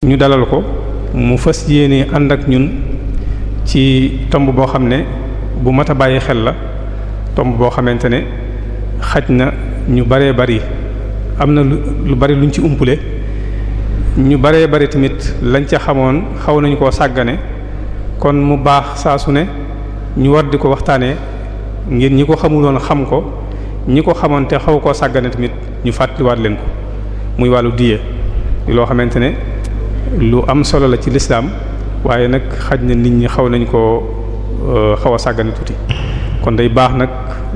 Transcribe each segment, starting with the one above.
ñu dalal ko mu fas yéene ànd ak ñun ci tomb boo xam ne bu mat a bàyyi xel la tomb boo xamante ne xaj na ñu baree bari am na lu bari luñ ci umpule ñu baree bari tamit lañ ca xamoon xaw nañu koo sàggane kon mu baax saa su ne ñu war di ko waxtaanee ngir ñi ko xamuloon xam ko ñi ko xamoon te xaw koo sàggane tamit ñu fàttaliwaat leen ko muy wàllu diye loo xamante ne. lu am solo la ci lislaam waaye nag xaj na nit ñi xaw nañ koo euh, xaw a sàggane tuuti kon day baax nag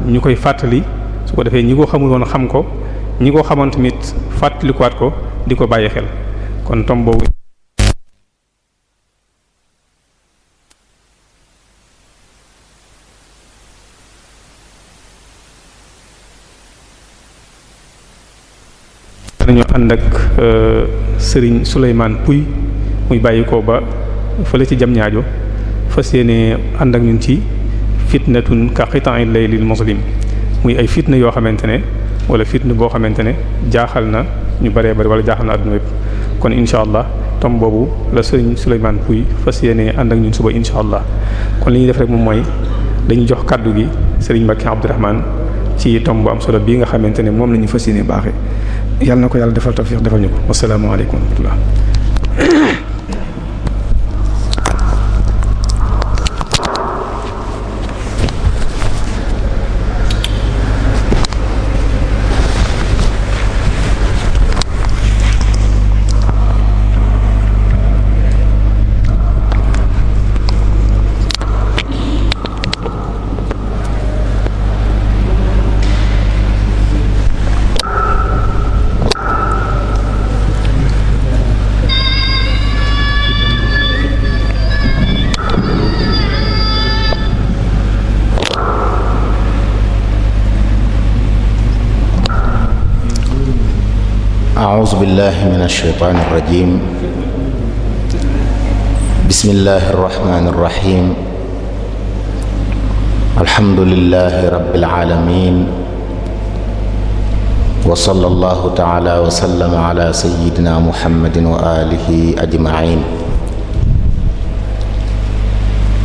ñu koy fàttali su ko defee ñi ko xamul woon xam ko ñi ko xamoon tamit fàttalikuwaat ko di ko bàyyi xel kon tom dañoo ànd ak euh, sëriñ Souleymane Pouy muy bàyyikoo ba fële ci jam ñaajo fas yéene ànd ak ñun ci fitnatun ka qita'il laylil muslim muy ay fitna yoo xamante ne wala fitna boo xamante ne jaaxal na ñu bëree bëri wala jaaxal na àdduna yépp kon incha allah tom boobu la sëriñ Souleymane Pouy fas yéene ànd ak ñun suba incha allah kon li ñuy def rek moom mooy dañuy jox kaddu gi sëriñ Mbacké Abdourahmane ci tom bu am solo bii nga xamante ne moom la ñu fas yéene baaxee yàlla na ko yàlla defal tawfiq defal ñu ko wasalaamaaleykum wa rahmatullah بالله من الشيطان الرجيم بسم الله الرحمن الرحيم الحمد لله رب العالمين وصلى الله تعالى وسلم على سيدنا محمد وآله أجمعين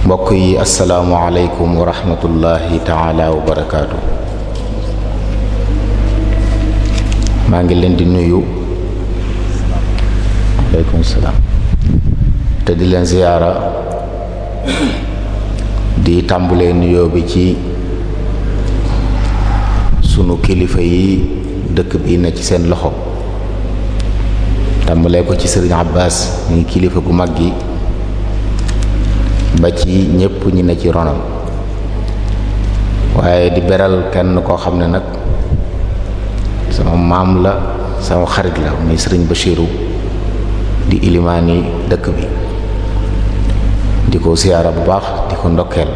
mbokk yi asalaamualeykum wa rahmatullahi taala wa barakaatu maa ngi leen di nuyu te di leen ziyaara di tàmbulee nuyoo bi ci sunu kilifa yi dëkk bi ne ci seen loxo tàmbalee ko ci sëriñ Abbas muy kilifa gu mag gi ba ci ñépp ñi ne ci ronam waaye di beral kenn koo xam ne nag sama maam la sama xarit la muy sëriñ Bachiru di ilimaani dëkk bi di ko siyaara bu baax di ko ndokkeel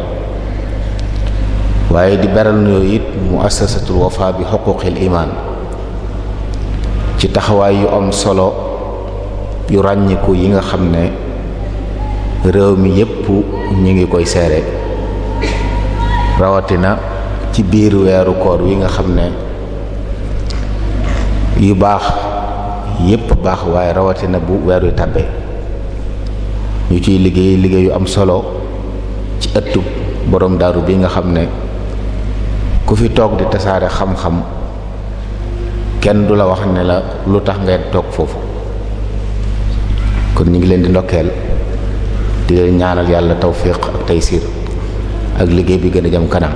waaye di beral nuyoo it mu assasatul wafa bi xuquqil iman ci taxawaay yu am solo yu ràññiku yi nga xam ne réew mi yépp ñu ngi koy seere rawatina ci biir weeru koor wi nga xam ne yu baax yépp baax waaye rawatina bu weer tàbbee ñu ciy liggéey liggéey yu am solo ci ëttub borom daaru bi nga xam ne ku fi toog di tasaare xam-xam kenn du la wax ne la lu tax ngay toog foofu kon ñu ngi leen di ndokkeel di ñaanal yàlla tawfiq ak taysiir ak liggéey bi gën a jëm kanam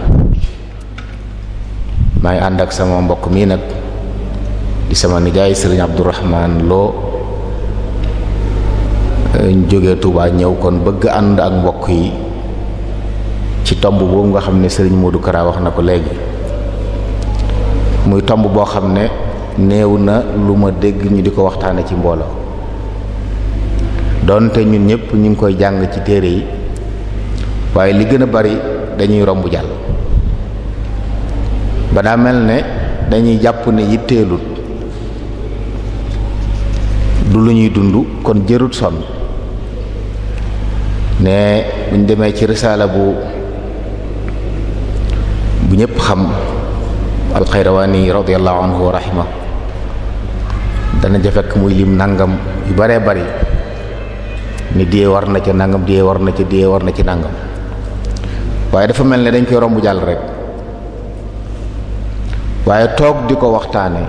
maa ngi ànd ak sama mbokk mii nag di sama nijaay sëriñ Abdourahman loo eh, ñu jógee ñëw kon bëgg ànd ak mbokk yi ci tomb boobu nga xam ne sëriñ Modou Kara wax na ko léegi muy tomb boo xam ne néew na lu ma dégg ñu di ko waxtaane ci mbooloo doonte ñun ñëpp ñu ngi koy jàng ci téere yi waaye li gën a bari dañuy romb jàll ba daa mel ne dañuy jàpp ne yitteelut du lu ñuy dund kon jërut sonn ne buñ demee ci risaala bu bu ñëpp xam alxayrawaani radiallahu anhu wa rahima dana jafekk muy lim nangam yu baree bari ni diyee war na ca nangam diyee war na ca diyee war na ci nangam waaye dafa mel ne dañ koy romb jàll rek waaye toog di ko waxtaane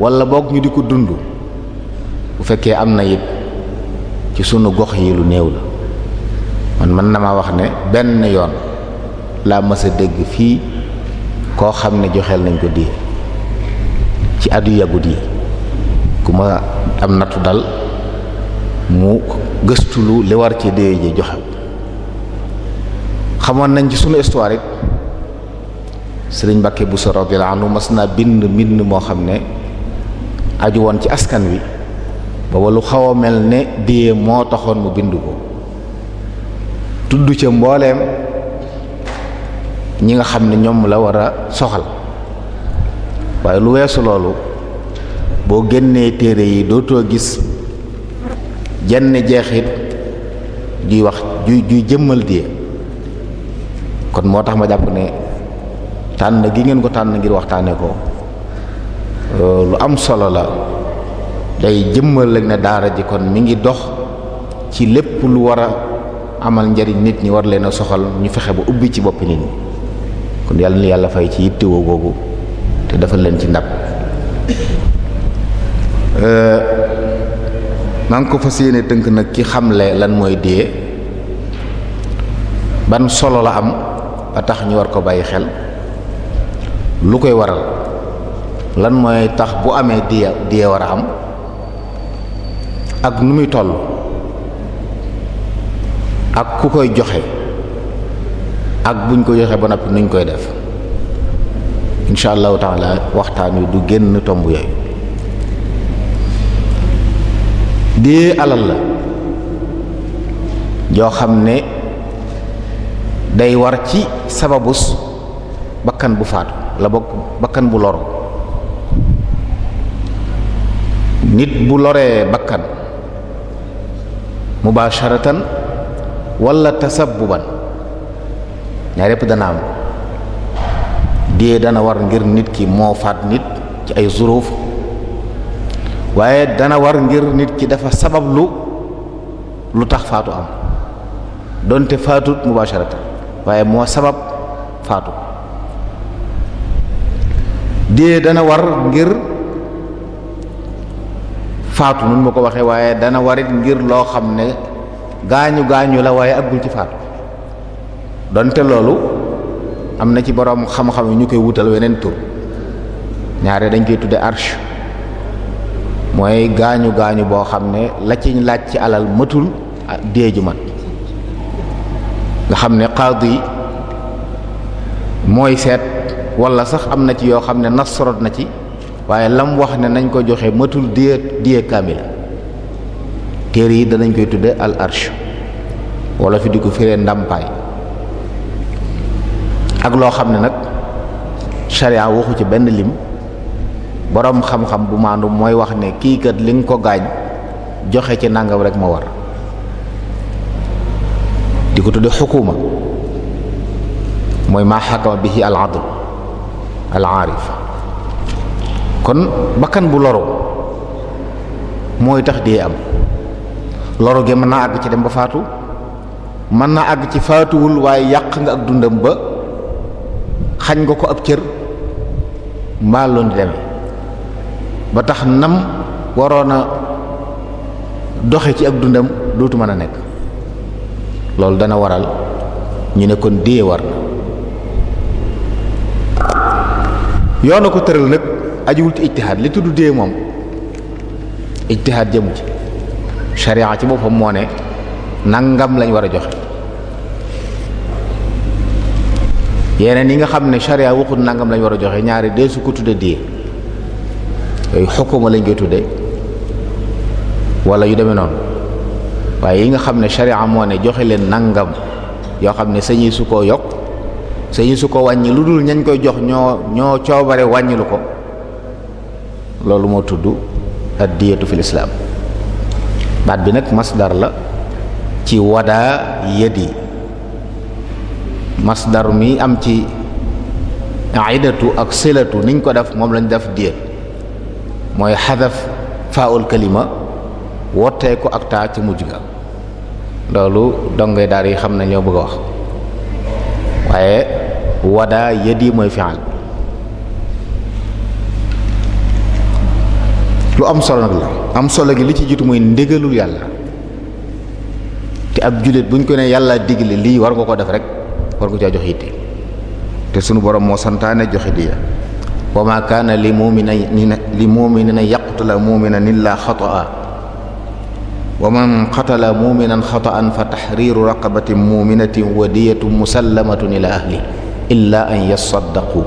wala boog ñu di ko dund bu fekkee am na yit ci sunu gox yi lu néew la man mën na ma wax ne benn yoon laa mës dégg fii koo xam ne joxeel nañ ko diir ci at yu yàggut yi ku ma am nattu dal mu gëstulu li war ci dee ji joxe xamoon nañ ci sunu histoire it sëriñ Mbàkke Buso radiyallahu anhu mas naa bind mbind moo xam ne aju woon ci askan wi booba lu xaw a mel ne diyee moo taxoon mu bind ko tudd ca mbooleem ñi nga xam ne ñoom la war a soxal waaye lu weesu loolu boo génnee téere yi dootoo gis jenn jeexit juy wax ju juy jëmmal diyee kon moo tax ma jàpp ne tànn gi ngeen ko tànn ngir waxtaane ko lu am solo la day jëmmal ak ne daara ji kon mi ngi dox ci lépp lu war a amal njariñ nit ñi war leen a soxal ñu fexe ba ubbi ci boppi nit ñi kon yàlla na yàlla fay ci yittewoo googu te dafa leen ci ndab euh, maa ngi ko fa yéene tënk nag ki xamle lan mooy dee ban solo la am ba tax ñu war ko bàyyi xel lu koy waral lan mooy tax bu amee dee dee war a am ak nu muy toll ak ku koy joxe ak buñ ko joxe ba noppi nuñ koy def insha allahu taala waxtaan wi du génn tomb yooyu dee alal la joo xam ne day war ci sababus bakkan bu faatu la bokk bakkan bu loru nit bu loree bakkan mubasharatan wala tasabbuban ñaar yépp dana am dee dana war ngir nit ki moo faat nit ci ay zuruuf waaye dana war ngir nit ki dafa sabab lu lu tax faatu am donte faatut mubasharatan waaye moo sabab faatu dee dana war ngir faatu nun ma ko waxee waaye dana warit ngir loo xam ne gaañu gaañu la waaye àggul ci faatu donte loolu am na ci boroom xam-xam yi ñu koy wutal weneen tur ñaare dañ koy tudde arche mooy gaañu gaañu boo xam ne la ci laaj ci alal matul dee ju mat nga xam ne qaadi mooy seet wala sax am na ci yoo xam ne nas sorot na ci waaye lam wax ne nañ ko joxe matul diye diye kaamila téere yi danañ koy tudde al arsh wala fi di ko firee ndàmpaay ak loo xam ne nag sharia waxu ci benn lim boroom xam-xam bu maandu mooy wax ne kii kat li nga ko gaañ joxe ci nangam rek ma war di ko tudde xukuma mooy maa bi ci al adl al aarif kon bakkan bu loru mooy tax dee am loru gi mën naa àgg ci dem ba faatu mën naa àgg ci faatuwul waaye yàq nga ak dundam ba xañ nga ko ab cër mbaa loon di demee ba tax nam waroon a doxe ci ak dundam dootu mën a nekk loolu dana waral ñu ne kon dee war na yoona ko tëral nag ajuwul ci ijtihaad li tudd dee moom ijtihaad jëmu ci sharia ci boppam moo ne nangam lañ war a joxe yeneen yi nga xam ne sharia waxut nangam lañu war a joxe ñaari dee su ko tudde dee yooyu xukuma lañ koy tudde walla yu demee noonu waaye yi nga xam ne sharia moo ne joxe leen nangam yoo xam ne sañi su koo yokk sañi su ko wàññi lu dul ñañ koy jox ñoo ñoo coobare wàññilu ko loolu moo tudd ad diyatu fil islaam baat bi nag masdar la ci wadaa yadi masdar mi am ci idatu ak silatu niñ ko def moom lañu def diyat mooy xadaf faaul kalima wottee ko ak taa ci mujj ga loolu dongay daar yi xam na ñoo bëgg a wax waaye wadaa yadi mooy fi'al lu am solo nag la am solo gi li ci jiitu mooy ndégalul yàlla te ab jullit bu ñu ko ne yàlla digle lii war nga ko def rek war nga caa jox yitte te sunu borom moo santaane joxe diya wa ma kaana li mu'minin li mu'minin yaqtula mu'minan illa xata'a wa man qatala mu'minan xata'an fa tahriru raqabatin mu'minatin wa diyatun musallamatun ila ahli illa an yasaddaqu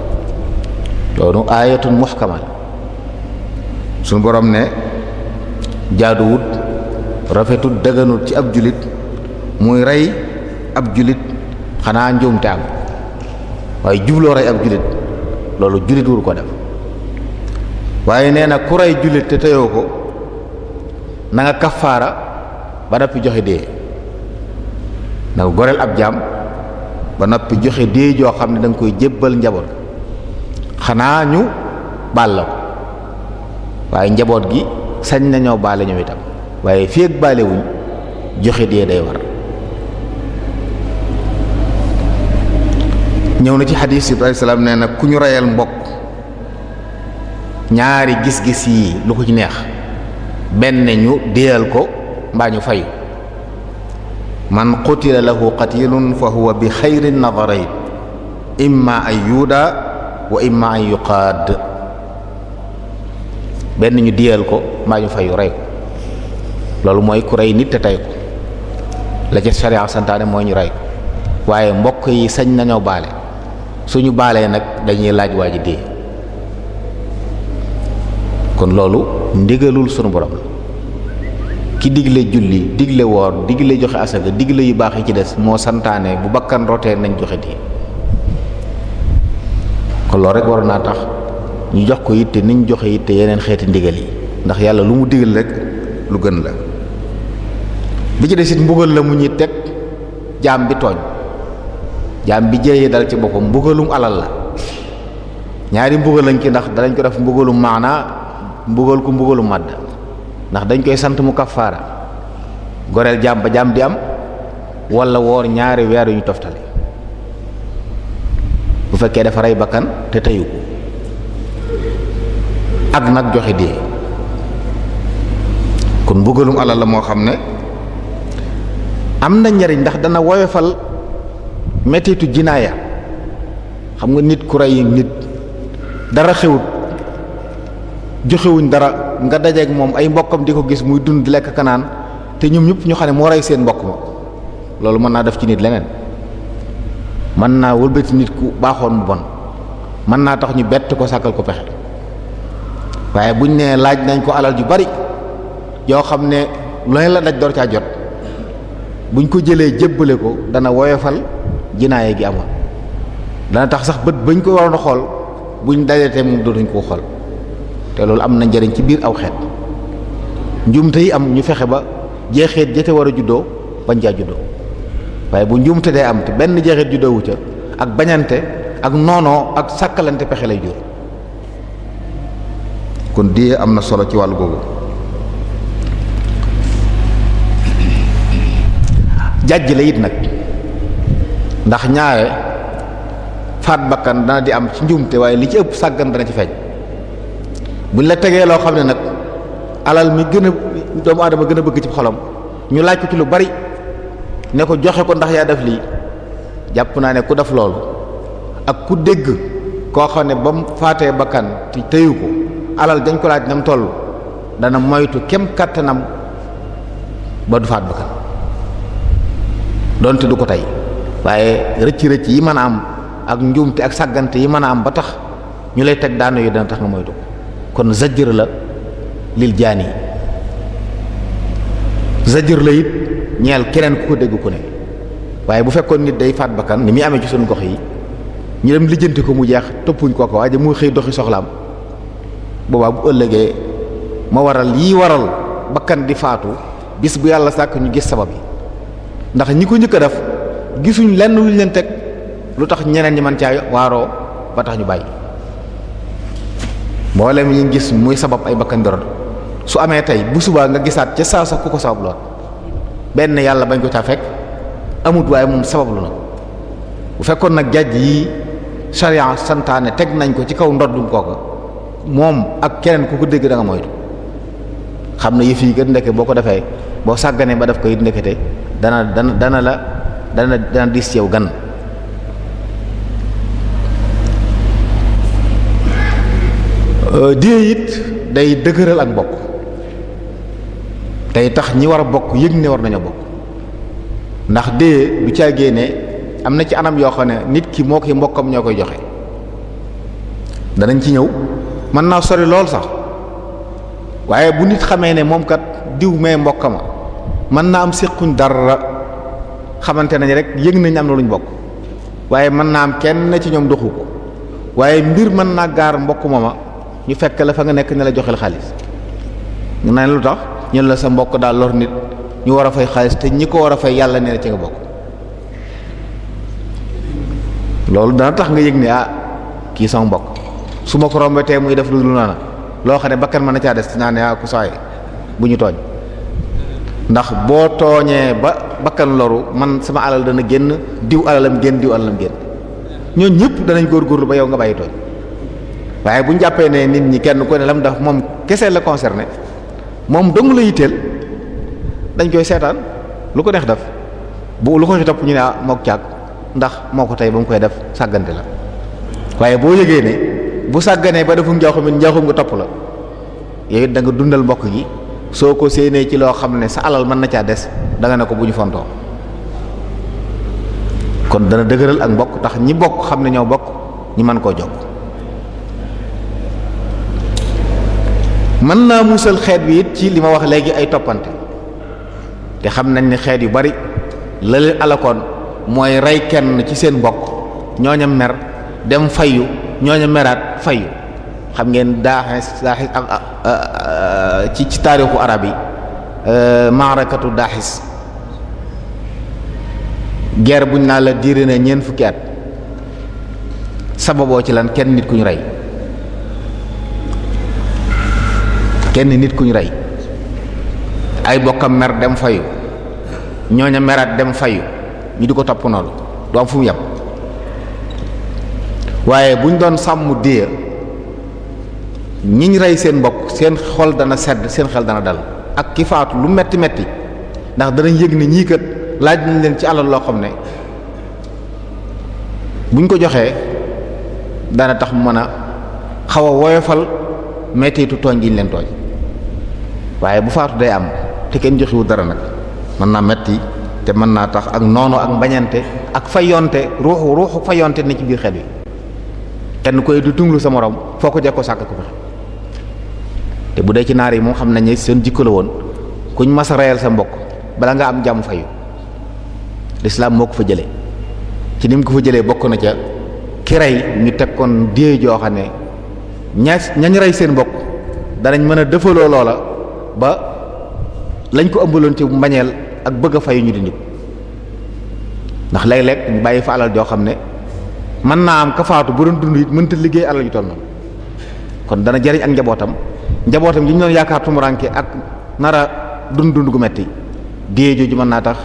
loolu ayatun muhkama suñu borom ne jaaduwut rafetut dëgganut ci ab julit muy rey ab julit xanaa njuumte am waaye jubloo rey ab julit loolu julit wuru ko def waaye nee na ku rey julit te teyoo ko na nga kafaara ba noppi joxe dee na nga goreel ab jaam ba noppi joxe dee joo xam ne da koy jëbbal njaboot xanaa ñu baal la ko waaye njaboot gi sañ nañoo baale ñoom itam waaye fii ak baale wuñ joxe dee day war ñëw na ci xadiis yi alayhi salaam nee ku ñu reyal mbokk ñaari gis-gis yi lu ko ci neex benn ñu déyal ko mbaa ñu fayu man qutila lahu qatilun fa huwa bi xayri nadarayn imma an yuuda wa imma an yuqaad benn ñu diyal ko maa ñu fayu rey ko loolu mooy ku rey nit te tey ko la ca sharia santaane mooy ñu rey ko waaye mbokk yi sañ nañoo baale suñu baalee nag dañuy laaj waa ji dee kon loolu ndigalul sunu borom la ki digle julli digle woor digle joxe asaka digle yu baax yi ci des moo santaane bu bakkan rotee nañ joxe dee kon loolu rek war naa tax ñu jox ko yitte niñ joxe yitte yeneen xeeti ndigal yi ndax yàlla lu mu digal rek lu gën la bi ci des it mbugal la mu ñuy teg jaam bi tooñ jaam bi jëye dal ci boppam mbugalum alal la ñaari mbugal lañ ci ndax dalañ ko def mbugalum maanaa mbugal ko mbugalum màdd ndax dañ koy sant mu kaffaara goreel jaam ba jaam di am walla woor ñaari weer yu ñu toftale bu fekkee dafa rey bakkan te teyu ak nag joxe dee kon mbugalum alal la moo xam ne am na njariñ ndax dana woyofal mettitu jinaaya xam nga nit ku rey nit dara xewut joxewuñ dara nga dajeek moom ay mbokkam di ko gis muy dund lekk kanaan te ñoom ñëpp ñu xam ne moo rey seen mbokk ma loolu mën naa def ci nit leneen mën naa wëlbati nit ku baaxoon mu bon mën naa tax ñu bett ko sàkkal ko pexe waaye buñ nee laaj nañ ko alal yu bari yoo xam ne looy la daj door caa jot buñ ko jëlee jébbale ko dana woyofal jinaaye gi amoon dana tax sax bët bañ ko waroon a xool buñ dajeetee moom dootuñ koo xool te loolu am na njariñ ci biir aw xeet njuumte yi am ñu fexe ba jeexeet jete war a juddoo bañ caa juddoo waaye bu njuumte dee am te benn jeexeet juddoo wu ca ak bañante ak noonoo ak sàkkalante pexe lay jur kon diyee am na solo ci wàllu googu jàjj la it nag ndax ñaare faat bakkan dana di am ci njuumte waaye li ci ëpp sàggan dana ci feeñ buñ la tegee loo xam ne nag alal mi gën a doomu aadama gën a bëgg ci xolam ñu laaj ko ci lu bari ne ko joxe ko ndax yaa def lii jàpp naa ne ku def loolu ak ku dégg koo xam ne ba mu faatee bakkan te tëyu ko alal dañ ko laaj ndam toll dana moytu kem kàttanam ba du faat bakkan donte du ko tey waaye rëcc rëcc yi mën a am ak njuumte ak sàggante yi mën a am ba tax ñu lay teg daano yi dana tax nga moytu kon zajjër la lil jaani zajjër la yit ñeel keneen ku ko dégg ku ne waaye bu fekkoon nit day faat bakkan ni muy amee ci suñu gox yi ñu dem lijjanti ko mu jeex toppuñ ko ko waaye mu xëy doxi soxlaam boobaa bu ëllëgee ma waral yi waral bakkan di faatu bis bu yàlla sàkk ñu gis sabab yi ndax ñi ko njëkk a def gisuñ lenn lu leen teg lu tax ñeneen ñi man caa waaroo ba tax ñu bàyyi mboolem yi gis muy sabab ay bakkan dorod su amee tey bu subaa nga gisaat ca saa sax ku ko sabab benn yàlla bañ ko caa fekk amut waaye moom sabab lu na bu fekkoon nag jàjj yi sariya santaane teg nañ ko ci kaw ndoddum kooka moom ak keneen ku ko dégg da moytu xam na yëf yi gën ndeke boo ko defee boo sàgganee ba def ko it ndekete dana dana dana la dana dana diis yow gan euh, die it day dëgëral ak bokk tey tax ñi war a bokk yëg ne war nañoo bokk ndax dee du caagee ne am na ci anam yoo xam ne nit ki moo koy mbokkam ñoo koy joxe danañ ci ñëw mën naa sori lool sax waaye bu nit xamee ne moom kat diw mee mbokk ma mën naa am séquñ dara xamante nañ rek yëg nañ am na luñ bokk waaye mën naa am kenn ci ñoom doxu waaye mbir mën naa gaar mbokk ma ma ñu fekk la fa nga nekk ne la joxel xaalis ñu lu tax ñu la sa mbokk daal lor nit ñu war a fay xaalis te ñi ko war a fay yàlla ne na ci nga bokk loolu dana tax nga yëg ni ah kii sama mbokk su ma ko rombatee muy def lu dul noonu loo xam ne bakkan mën na caa des naa ne yaa ah ku saay bu ñu tooñ ndax boo tooñee ba bakkan loru man sama alal dana génn diw alalam génn diw alalam génn ñooñu ñëpp danañ góorgóorlu ba yow nga bàyyi tooñ waaye bu ñu jàppee ne nit ñi kenn ku ne lam daf moom kesee la concerné moom dong la yitteel dañ koy seetaan lu ko neex def bu lu ko ci topp ñu ne ah mook càgg ndax moo ko tey ba mu koy def sàggante la waaye bu sàgganee ba defu njaaxum it nga topp la yooyu danga dundal mbokk gi soo ko séenee ci loo xam ne sa alal mën na caa des danga ne ko bu ñu fontoo kon dana dëgëral ak mbokk tax ñi bokk xam ne ñoo bokk ñi mën koo jokk mën naa musal xeet bi it ci li ma wax léegi ay toppante te xam nañ ne xeet yu bari la leen alakoon mooy rey kenn ci seen mbokk ñooña mer dem fayyu ñooñu meraat fayu xam ngeen daaxis daaxis ak euh, ci ci taarixu arab yi euh, maarakatu daaxis guerre buñ naa la diire na ñeent fukki at sababoo ci lan kenn nit kuñu rey kenn nit ku rey ay bokkam mer dem fayu ñooña meraat dem fayu ñu di ko topp noonu du fu mu yem waaye bu ñu doon sàmm déya ñiñ rey seen mbokk seen xol dana sedd seen xel dana dal ak ki faatu lu metti metti ndax danañ yëg ne ñii kat laaj nañ leen ci alal loo xam ne buñ ko joxee dana tax mën a xaw a woyofal mettitu tooñ gi ñu leen tooñ waaye bu faatu day am te kenn joxiwu dara nag mën naa metti te mën naa tax ak noonu ak mbañante ak fayonte ruuxu ruuxu fayonte ne ci biir xel yi kenn koy du tunglu sa morom foo ko ko sàkk ko fexe te bu dee ci naar yi moom xam nañ ne seen jikko la woon kuñ mas a reyal sa mbokk bala nga am jàmm fayu lislaam moo ko fa jëlee ci ni mu ko fa jëlee bokk na ca ki rey ñu teg koon die joo xam ne ña ñañ rey seen mbokk danañ mën a dëfaloo loola ba lañ ko ëmbaloon ci mbañeel ak bëgg a fayu ñu dindi ndax léeg lekk ñu bàyyi fa alal joo xam ne mën naa am ka faatu bu doon dund it mënta liggéey alal ju toll kon dana jariñ ak njabootam njabootam yi ñu doon yaakaar tumuranke ak nara dund dund gu metti dee jooju mën naa tax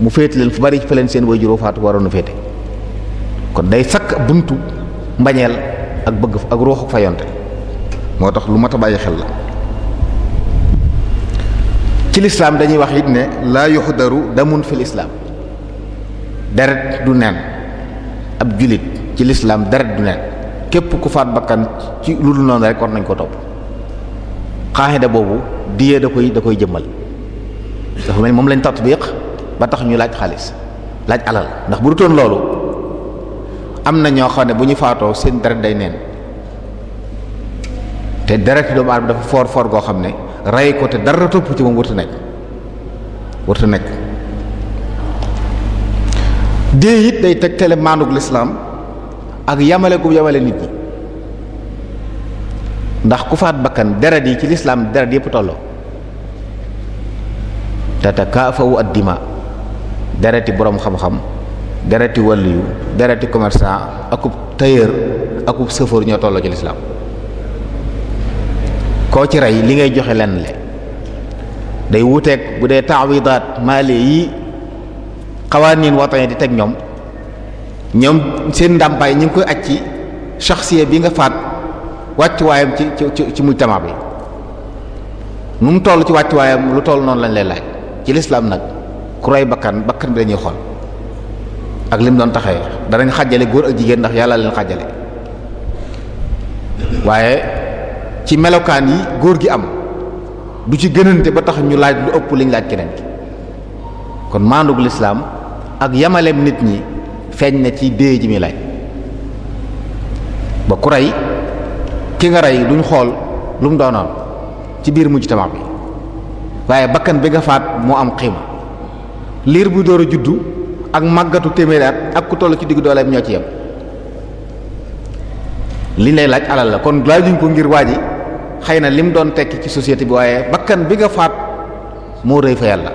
mu féete leen fu bari fa leen seen way juróo faatu waroon a féete kon day sakk buntu mbañeel ak bëgg ak ruux ak fayonte moo tax lu mat a bàyyi xel la ci lislaam dañuy wax it ne laa yuxdaru damun fil islaam deret du neen ab julit ci lislaam deret du neen képp ku faat bakkan ci lu dul noonu rek war nañ ko topp xaaxida boobu di diyee da koy da koy jëmmal dafa mel moom lañ tatbiq ba tax ñu laaj xaalis laaj alal ndax bu dutoon loolu am na ñoo xam ne bu ñu faatoo seen deret day neen te deret doomu aadama dafa foor foor goo xam ne rey ko te dara topp ci moom wërta nekk wërta nekk dee it day tegtale maanug lislaam ak yamale gu yamale nit ñi ndax ku faat bakkan deret yi ci lislaam deret yépp tolloo tatakaafawu addima dereti boroom xam-xam dereti wàlliyu dereti commerçant akub tailleur akub chauffeur ñoo tolloo ci lislaam koo ci rey li ngay joxe lenn le day wuteeg bu dee taawidaat maale yi xawaaniin watane di teg ñoom ñoom seen ndàmpaay ñu ngi koy aj ci shaxsiya bi nga faat wàccuwaayam ci ci ci mujtama bi nu mu toll ci wàccuwaayam lu toll noonu lañ lay laaj ci lislaam nag ku rey bakkan bakkan bi dañuy xool ak lim doon taxawee danañ xàjjale góor ak jigéen ndax yàlla leen xàjjale waaye ci melokaan yi góor gi am du ci gënante ba tax ñu laaj lu ëpp liñ laaj keneen ki kon maandug lislaam ak yamalem nit ñi feeñ na ci dee ji mi laaj ba ku rey ki nga rey duñ xool lu mu doonoon ci biir mujj tabax bi waaye bakkan bi nga faat moo am xiima liir buy door a juddu ak màggatu téeméeri ak ku toll ci diggu dooleem ñoo ci yem li lay laaj alal la ko ngir waaji xëy na lim doon tekki ci société bi waaye bakkan bi nga faat moo rëy fa yàlla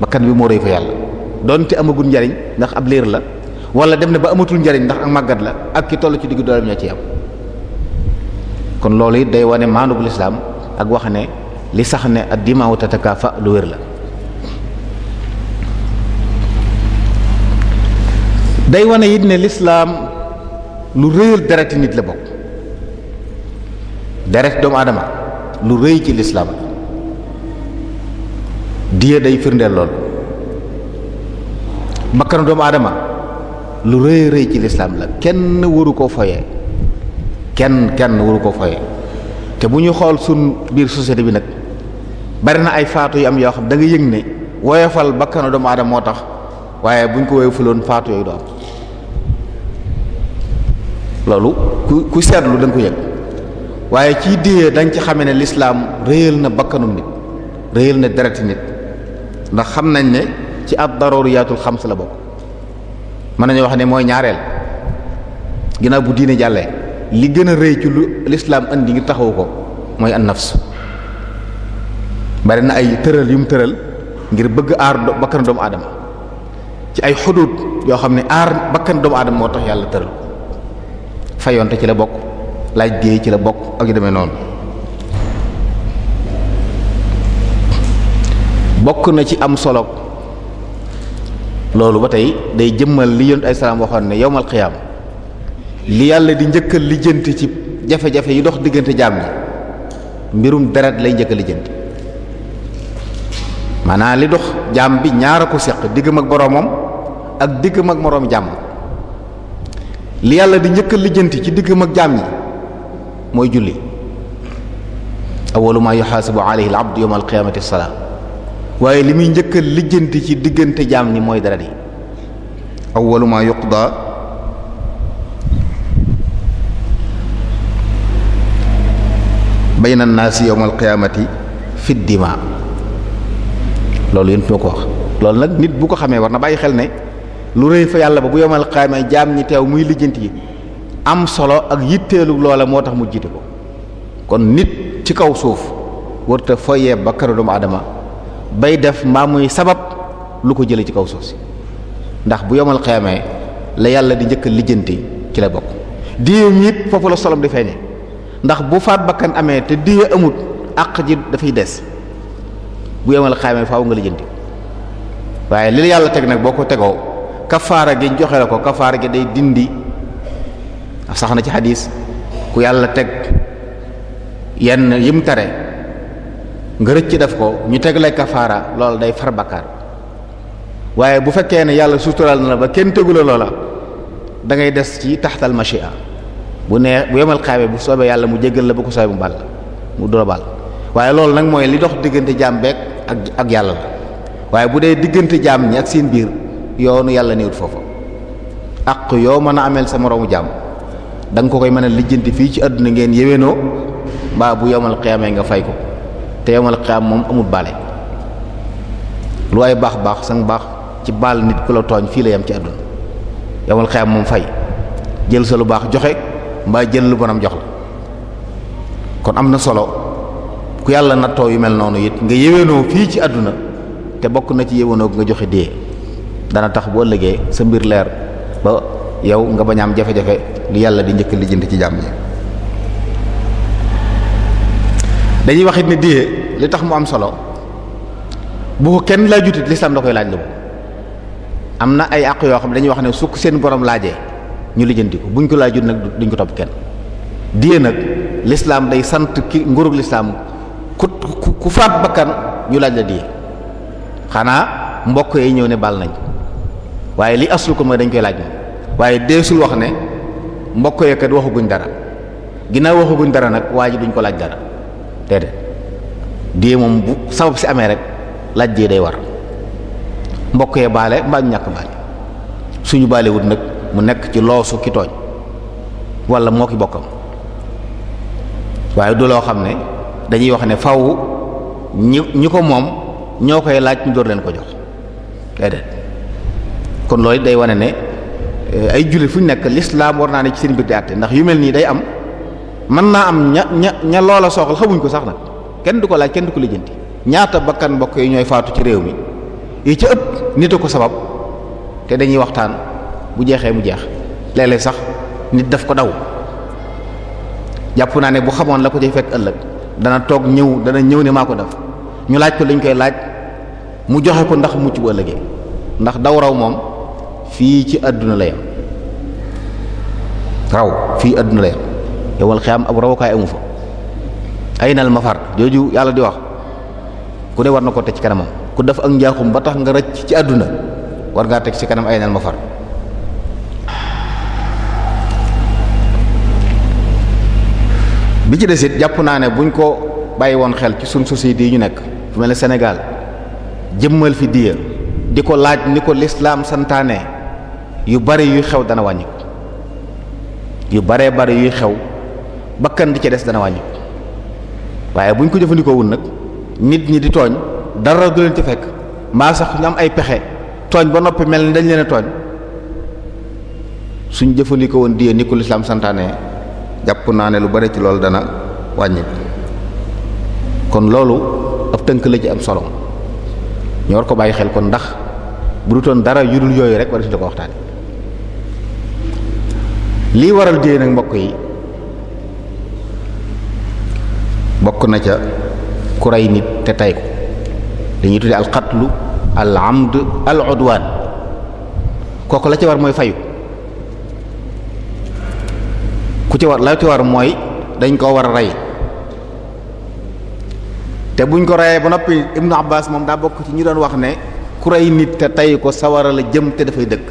bakkan bi moo rëy fa yàlla donte amagul njariñ ndax ab liir la wala dem na ba amatul njariñ ndax ak màggat la ak ki toll ci diggu dooleem ñoo ci am kon loolu it day wane maandu bu lislaam ak wax ne li sax ne ad dimaaw tatakafa lu wér la day wane it ne lislaam lu rëyal dereti nit la bokk deret doomu aadama lu rëy ci lislaam diye day firndeel lool bakkanu doomu aadama lu rëy rëy ci lislaam la kenn waru koo foye kenn kenn waru koo foye te bu ñu xool sunu biir société bi nag bari na ay faatu yu am yoo xam da nga yëg ne woyofal bakkanu doomu aadama moo tax waaye bu ñu ko woyofaloon faatu yooyu doom loolu ku ku seetlu da ko yëg waaye ci déyee dañ ci xame ne lislaam réyal na bakkanum nit réyal na dereti nit ndax xam nañ ne ci ad xam xams la bokk mën nañu wax ne mooy ñaareel ginaaw bu diine jàllee li gën a rëy ci lu lislaam indi ngir taxawu ko mooy an nafs bari na ay tëral yu mu tëral ngir bëgg aar bakkan doomu aadama ci ay xuduut yoo xam ne aar bakkan doomu aadama moo tax yàlla tëral fayonte ci la bokk laaj déey ci la bokk ak yu demee noonu bokk na ci am solo loolu ba tey day jëmmal li yonent ay salaam waxoon ne yowmal xiyaam li yàlla di njëkkal lijjanti ci jafe-jafe yi dox diggante jaam ñi mbirum deret lay njëkk a lijjanti li dox jaam bi ñaara ko seq diggam boroomam ak diggam moroom jàmm li yàlla di njëkk lijjanti ci diggam ak jaam ñi mooy julli awwalu ma yuhaasabu alayhi al-abdu yawmal qiyaamati as waaye li muy njëkkal lijjanti ci diggante jaam ni mooy dara di awwalu ma yuqda bayna naasi yawmal qiyaamati fi dima loolu yéen ko wax loolu nag nit bu ko xamee war na bàyyi xel ne lu rëy fa yàlla ba bu yawmal qiyaama jaam ñi teew muy lijjanti yi am solo ak yitteelu loola moo tax mu jiite ko kon nit ci kaw suuf warta foyee ba kër doomu aadama bay def mbaa muy sabab lu ko jëlee ci kaw suuf si ndax bu yomal xeemee la yàlla di njëkk lijjanti ci la bokk diyeem it foofu la solom di feeñe ndax bu faat bakkan amee te diye amut àq ji dafay des bu yomal xeemee faaw nga lijjanti waaye li la yàlla teg nag boo ko tegoo kafaara gi joxe la ko kafaara gi day dindi sax na ci xadiis ku yàlla teg yenn yim tare nga rëcc def ko ñu teg lay kafaara loolu day far bakkaar waaye bu fekkee ne yàlla sutural na la ba kenn tegu la loola da ngay des ci taxtal machia bu neex bu yemal xaabe bu soobee yàlla mu jéggal la bu ko soobee mu bàll mu dula bàll waaye loolu nag mooy li dox diggante jaam beeg ak ak yàlla la waaye bu dee diggante jaam ñi ak seen biir yoonu yàlla néewut foofa ak yoo mën a ameel sa moroomu jaam danga ko koy mën a lijjanti fii ci àdduna ngeen yéwénoo mbaa bu yomal xiyamee nga fay ko te yowmal xiyaam moom amul baale lu waay baax baax sang baax ci baal nit ku la tooñ fii la yam ci àdduna yowmal xiyaam moom fay jël sa lu baax joxe mbaa jël lu bonam jox la kon am na solo ku yàlla nattoo yu mel noonu it nga yéwénoo fii ci àdduna te bokk na ci yéwénoo nga joxe dee dana tax boo ëllëgee sa mbir leer ba yow nga bañ am jafe-jafe li yàlla di njëkk lijjanti ci jàmm ji dañuy wax it ne diye li tax mu am solo bu ko kenn laajutit l'islam da koy laaj lu am na ay àq yoo xam ne dañuy wax ne sukk seen borom laajee ñu lijjanti ko buñ ko laajut nag duñ ko topp kenn diye nag l'islam day sant ki nguurug l'islam ku ku faat bakkan ñu laaj la diye xanaa mbokk yi ñëw ne baal nañ waaye li aslu ko mooy dañ koy laaj moom waaye deesul wax ne mbokk yeekat waxaguñ dara ginnaaw guñ dara nag waa ji duñ ko laaj dara déedéet dee moom bu sabab si amee rek laaj dee day war mbokk yee baale mbaa ñu ñàkk baale suñu baale wut nag mu nekk ci loosu ki tooñ wala moo ki bokkam waaye du loo xam ne dañuy wax ne faw ñi ñi ko moom ñoo koy laaj ñu door leen ko jox déedéet kon loolu day wane ne eh, ay jullit fu ñu nekk lislaam war naa ne ci seen mbir di àtte ndax yu mel nii day am mën naa am ña ña ña loola soxal xamuñ ko sax nag kenn du ko laaj kenn du ko lijjanti ñaata bakkan mbokk yi ñooy faatu ci réew mi yi ci ëpp nit a ko sabab te dañuy waxtaan bu jeexee mu jeex léeg sax nit daf ko daw jàpp naa ne bu xamoon la ko ci fekk ëllëg dana toog ñëw dana ñëw ne maa ko def ñu laaj ko lañ koy laaj mu joxe ko ndax mucc bu ëllëgee ndax daw raw moom fii ci àdduna la yam raw fii àdduna la yam yowal xiyaam ab rawukaay amu fa ay nal mafar jooju yàlla di wax ku ne war na ko teg ci kanamam ku def ak njaaxum ba tax nga rëcc ci àdduna war ngaa teg ci kanam ay nal mafar bi ci des jàpp naa ne buñ ko bàyyi woon xel ci suñ société yi ñu nekk fu mel ne Sénégal jëmmal fi diya di ko laaj ni ko lislaam santaane yu bari yuy xew dana wàññi yu baree bari yuy xew bakkan di ca des dana wàññi waaye bu ñu ko jëfandikoo wul nag nit ñi di tooñ dara du leen ci fekk maa sax ñu am ay pexe tooñ ba noppi mel ni dañ leen a tooñ suñ jëfandikoo woon diye ni ko lislaam santaane jàpp naa ne lu bari ci loolu dana wàññi kon loolu ab tënk la ci am solo ñu war ko bàyyi xel kon ndax bu du toon dara yudul yooyu rek war si la ko waxtaane lii waral diye nag mbokk yi bokk na ca ku rey nit te tay ko li ñuy tuddee alxatlu al amd kooku la ca war mooy fayu ku ci war la ci war mooy dañ koo war a rey te buñ ko reyee ba noppi ibnu abbas moom daa bokk ci ñu doon wax ne ku rey nit te tay ko sawaral la jëm te dafay dëkk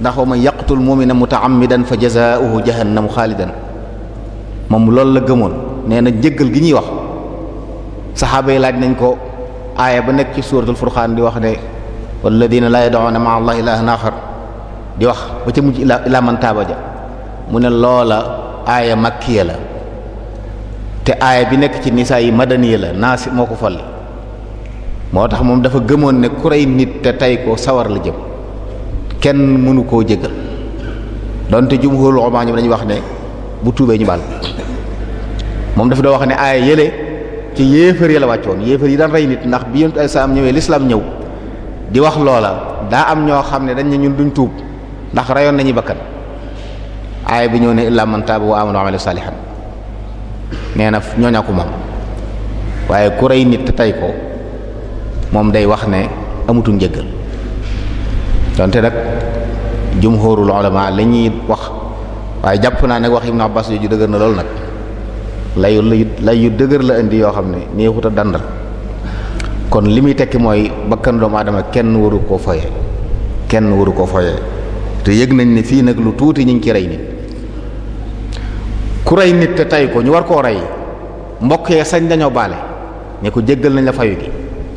ndax wa man yaqtul mu'mina muta'ammidan fa jazaa'uhu jahannamu xaalidan moom loolu la gëmoon nee na jéggal gi ñuy wax saxaaba yi laaj nañ ko aaya ba nekk ci suuratul furqaan di wax ne walladina laa yad'una ma'a allahi ilahan akhar di wax ba ca mujj ila man taaba ja mu ne loola aaya makkiya la te aaya bi nekk ci nisaa yi madaniya la naasi moo ko folli moo tax moom dafa gëmoon ne ku rey nit te tey ko sawar la jëm kenn mënu koo jéggal donte jumhurul ulama ñoom dañuy wax ne bu tuubee ñu baal moom dafa doo wax ne aaya yële ci yéefar yi la wàccoon yéefar yi daan rey nit ndax bi yonent ay am ñëwee lislaam ñëw di wax loola daa am ñoo xam ne dañ ne ñun duñ tuub ndax reyoon nañu bakkan aaya bi ñëw ne illaa man taaba wa amana na ñooña ko moom waaye ku rey nit tey ko moom day wax ne amutu njëggal donte nag jumhurul ulama la ñuy wax waaye jàpp naa nag wax yi Ibn Abbas jooju dëgër na loolu nag layu lay dëgër la indi yoo xam ne neexut a kon li muy tekki mooy bakkan doomu aadama kenn waru koo foye kenn waru koo foye te yëg nañ ne fii nag lu tuuti ñu ngi ci rey nit ku rey nit te tay ko ñu war koo rey mbokk yee sañ dañoo baale ne ko jéggal nañ la fayu gi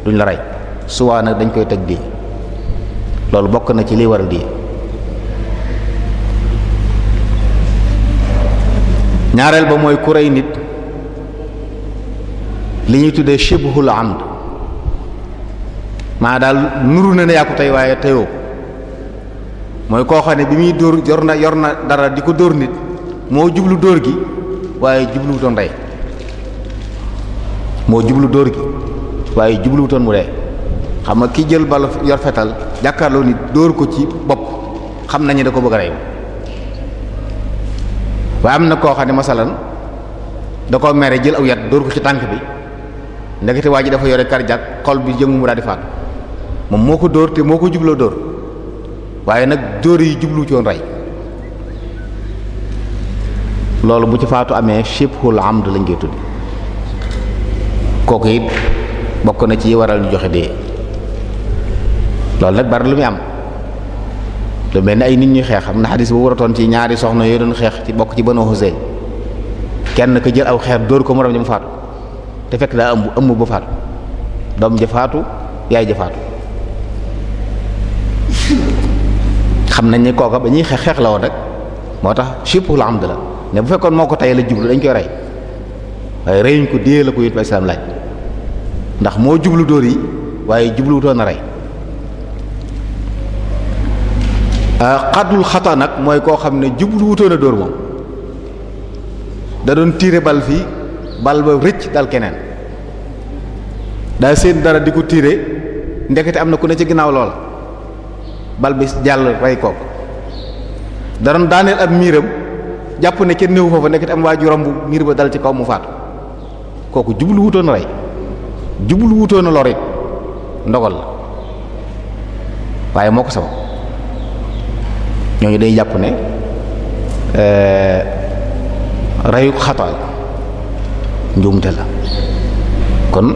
duñ la rey suwaa nag dañ koy teg di loolu bokk na ci liy waral di ñaareel ba mooy ku rey nit li ñuy tuddee shibhul amd maa daal nuru na ne yaa ko tey waaye teyoo mooy koo bi muy dóor yor na yor na dara di ko dóor nit moo jublu dóor gi waaye jubluwutoon rey moo jublu dóor gi waaye jubluwutoon mu rey xam nga ki jël bal yor fetal jàkkaarloo nit dóor ko ci bopp xam nañu da ko bëgg a rey waaye am na kooxane xam da ko mere jël aw dóor ko ci tànk bi ndekete waa ji dafa yore cardiaque xol bi yëngu mu daal di faatu moom moo ko dóor te moo ko jubloo dóor waaye nag dóor yi jublu coon rey loolu bu ci faatu amee shibhul amd lañ koy tudd kooku it bokk na ci waral ñu joxe dee loolu nag bari lu muy am lu mel ni ay nit ñuy xeex am na xadis bu waratoon ci ñaari soxna yooyu doon xeex ci bokk ci Banu Huzayl kenn ko jël aw xeer dóor ko mu ram ji mu faatu te fekk daa ëmb ëmb ba faatu doom jafaatu yaay jafaatu xam nañ ne kooka ba ñuy xeex xeex la woon rek moo tax chipu la am la ne bu fekkoon moo ko tey la jublu dañ koy rey waaye reyuñ ko dee la ko yit ba islaam laaj ndax moo jublu dóor yi waaye jubluwutoon a rey ah, xaddul xata nag mooy koo xam ne jubluwutoon a dóor moom da doon tiire bal fii bal ba rëcc dal keneen daa seet dara di ko tiire ndekete am na ku ne ci ginnaaw lool bal bi jàll rey kooku daroon daaneel at miiram jàpp ne kenn néewu foofa ndekete am waa ju romb miir ba dal ci kaw mu faatu kooku jublu wutoon rey jublu wutoon a lorit ndogal la waaye moo ko sabab ñooñu day jàpp ne eh, reyu xataa njuumte la kon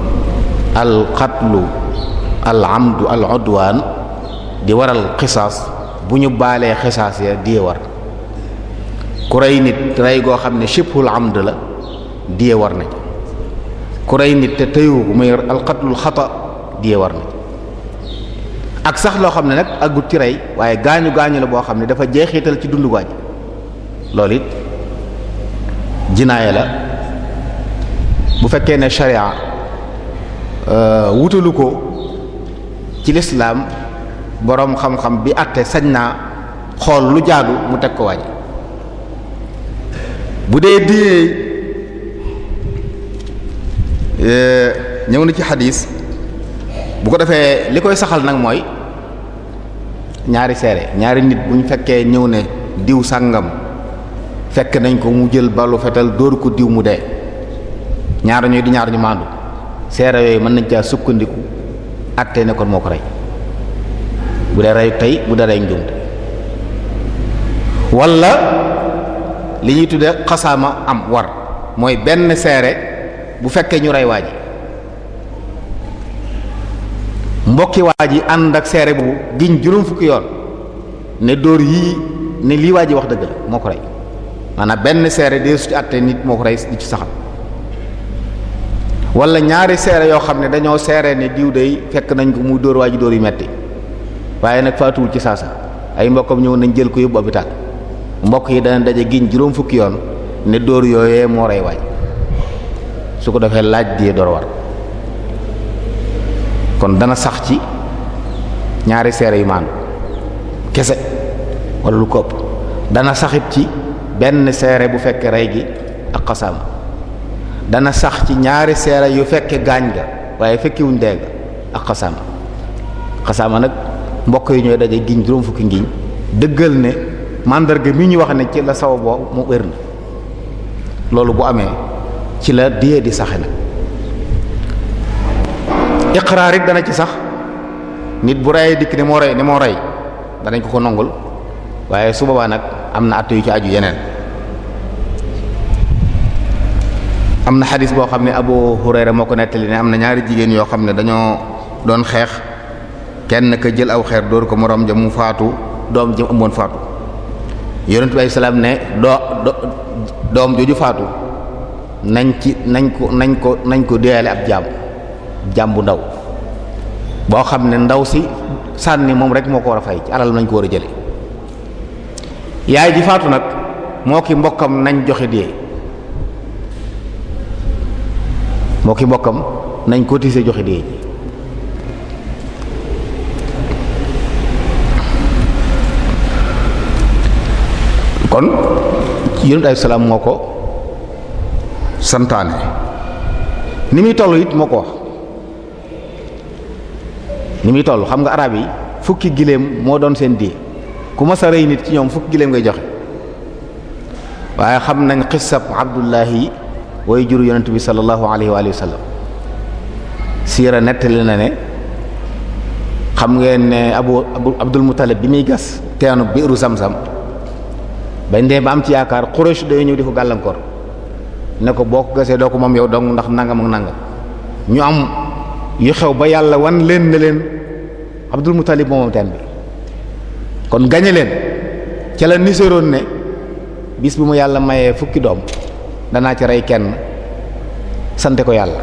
alxatlu qatlu al di waral xisaas bu ñu baalee xisaas ya dee war ku rey nit rey goo xam ne shibhul amd la dee war na ku rey nit te tëyu muy al xata dee war na ak sax loo xam ne nag aggut ci rey waaye gaañu gaañu la boo xam ne dafa jeexiital ci dundu waaj loolu it jinaaya la bu fekkee ne sharia euh, wutalu ko ci lislaam boroom xam-xam bi àtte sañ naa xool lu jaadu mu teg ko waaj bu dee diyee euh, ñëw na ci xadis bu ko defee li koy saxal nag mooy ñaari seere ñaari nit bu ñu fekkee ñëw ne diw sàngam fekk nañ ko mu jël balu fetal dóor ko diw mu dee ñaar ñuy di ñaar ñu maandu seere yooyu mën nañ caa sukkandiku àttee ne kon moo ko rey bu dee reyu tey bu dee reyu njuumte wala li ñuy tudd xasaama am war mooy benn seere bu fekkee ñu rey waa yi mbokki waa yi ànd ak seere bu giñ juróom fukki yoon ne dóor yii ne lii waa ji wax dëgg la moo ko rey maanaam benn seere dee su ci àtte nit moo ko rey di ci saxal wala ñaari seere yoo xam ne dañoo seere ne diw day fekk nañ ko muy dóor waa ji dóor yu metti waaye nag faatuwul ci saasa ay mbokkam ñëw nañ jël ko yóbbu hôpital mbokk yi dana daje giñ juróom fukki yoon ne dóor yooye moo rey waaj su ko defee laaj di door war kon dana sax ci ñaari seere yu maandu kese wala lu ko dana saxit ci benn seere bu fekk rey gi ak xasaama dana sax ci ñaari seere yu fekke gaañ ga waaye fekkiwuñ dee ga ak xasaama xasaama nag mbokk yi ñooy daje giñ juróom fukki ngiñ dëggal ne mandarga mi ñu wax ne ci la saw mu wér na loolu bu amee ci la diyee di saxe nag iqraar it dana ci sax nit bu reyee dikk ni moo rey ni moo rey danañ ko ko nongul waaye su boobaa nag am na at yu ci aju yeneen am na xadis boo xam ne Abu Hurayra moo ko nettali ne am na ñaari jigéen yoo xam ne dañoo doon xeex kenn ka jël aw xeer dóor ko moroom ja mu faatu doom ji amoon faatu yonent ne doo doom jooju faatu nañ ci nañ ko nañ ko nañ ko deyaale ab jaam jaam bu ndaw boo xam ne ndaw si sànni moom rek moo ko war a fay ci alal nañ ko war a jële yaay ji faatu nag moo ki mbokkam nañ joxe dee moo ki bokkam nañ cotiser joxe dee ji kon yonent ay salaam moo ko santaane ni muy toll it moo ko wax ni muy toll xam nga arab yi fukki giléem moo doon seen di ku mas a rëy nit ci ñoom fukki giléem ngay joxe waaye xam nañ xisab abdullahi way juru yonent bi sallallahu alayhi wa sallam siira nettali na ne xam ngeen ne abu abdul muttalib bi muy gas teenu biiru sam-sam bañ dee ba am ci yaakaar Quraysh day ñëw di ko gàllankoor ne ko boo ko gasee doo ko moom yow dong ndax nangam ak nangam ñu am yu xew ba yàlla wan leen ne leen abdul muttalib moom teen bi kon gañe leen ca la niseroon ne bis bu ma yàlla mayee fukki doom danaa ci rey kenn sante ko yàlla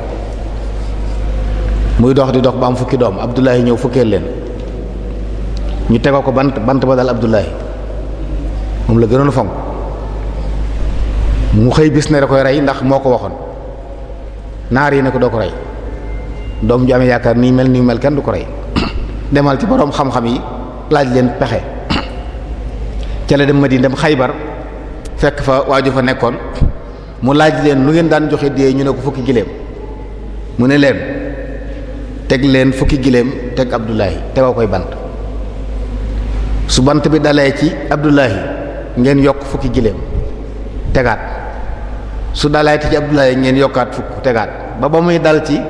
muy dox di dox ba am fukki doom Abdullahi ñëw fukkeel leen ñu tegoo ko bant bant ba dal Abdullahi moom la gënoon fonk mu xëy bis ne da koy rey ndax moo ko waxoon naar yi ne ko doo ko rey doom ju amee yaakaar nii mel nii mel kenn du ko rey demal ci boroom xam-xam yi laaj leen pexe ca la dem di dem Xaybar fekk fa waaju fa nekkoon mu laaj leen lu ngeen daan joxe dee ñu ne ko fukki giléem mu ne leen teg leen fukki giléem teg Abdullahi tegaw koy bant su bant bi dalee ci Abdullahi ngeen yokk fukki giléem tegaat su dalee ci Abdullahi ngeen yokkaat fukk tegaat ba ba muy dal ci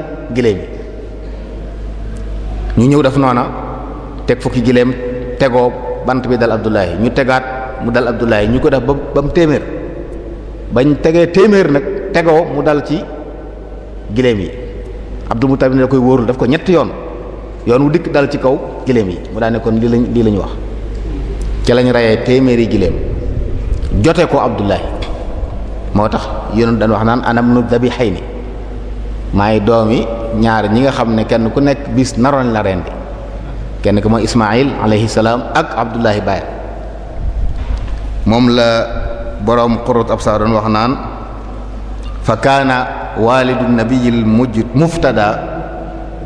ñu ñëw def noona teg fukki giléem tegoo bant bi dal Abdullahi ñu tegaat mu dal Abdullahi ñu ko def ba ba mu téeméer bañ tegee téeméer nag tegoo mu dal ci giléem yi Abdul Mutalib ne da koy wóorul daf ko ñetti yoon yoon wu dikk dal ci kaw giléem yi mu daa ne kon lii lañ lii la wax ci lañu reyee téeméeri giléem jote ko Abdullahi moo tax yéen dañ wax naan anam nu dabi xay ni maay doomi ñaar ñi nga xam ne kenn ku nekk bis naroon la bi kenn ki mooy Ismaayil alayhi ak Abdullahi Baye boroom xurut absa doon wax naan fa kaana walidu nabiyil mujj muftada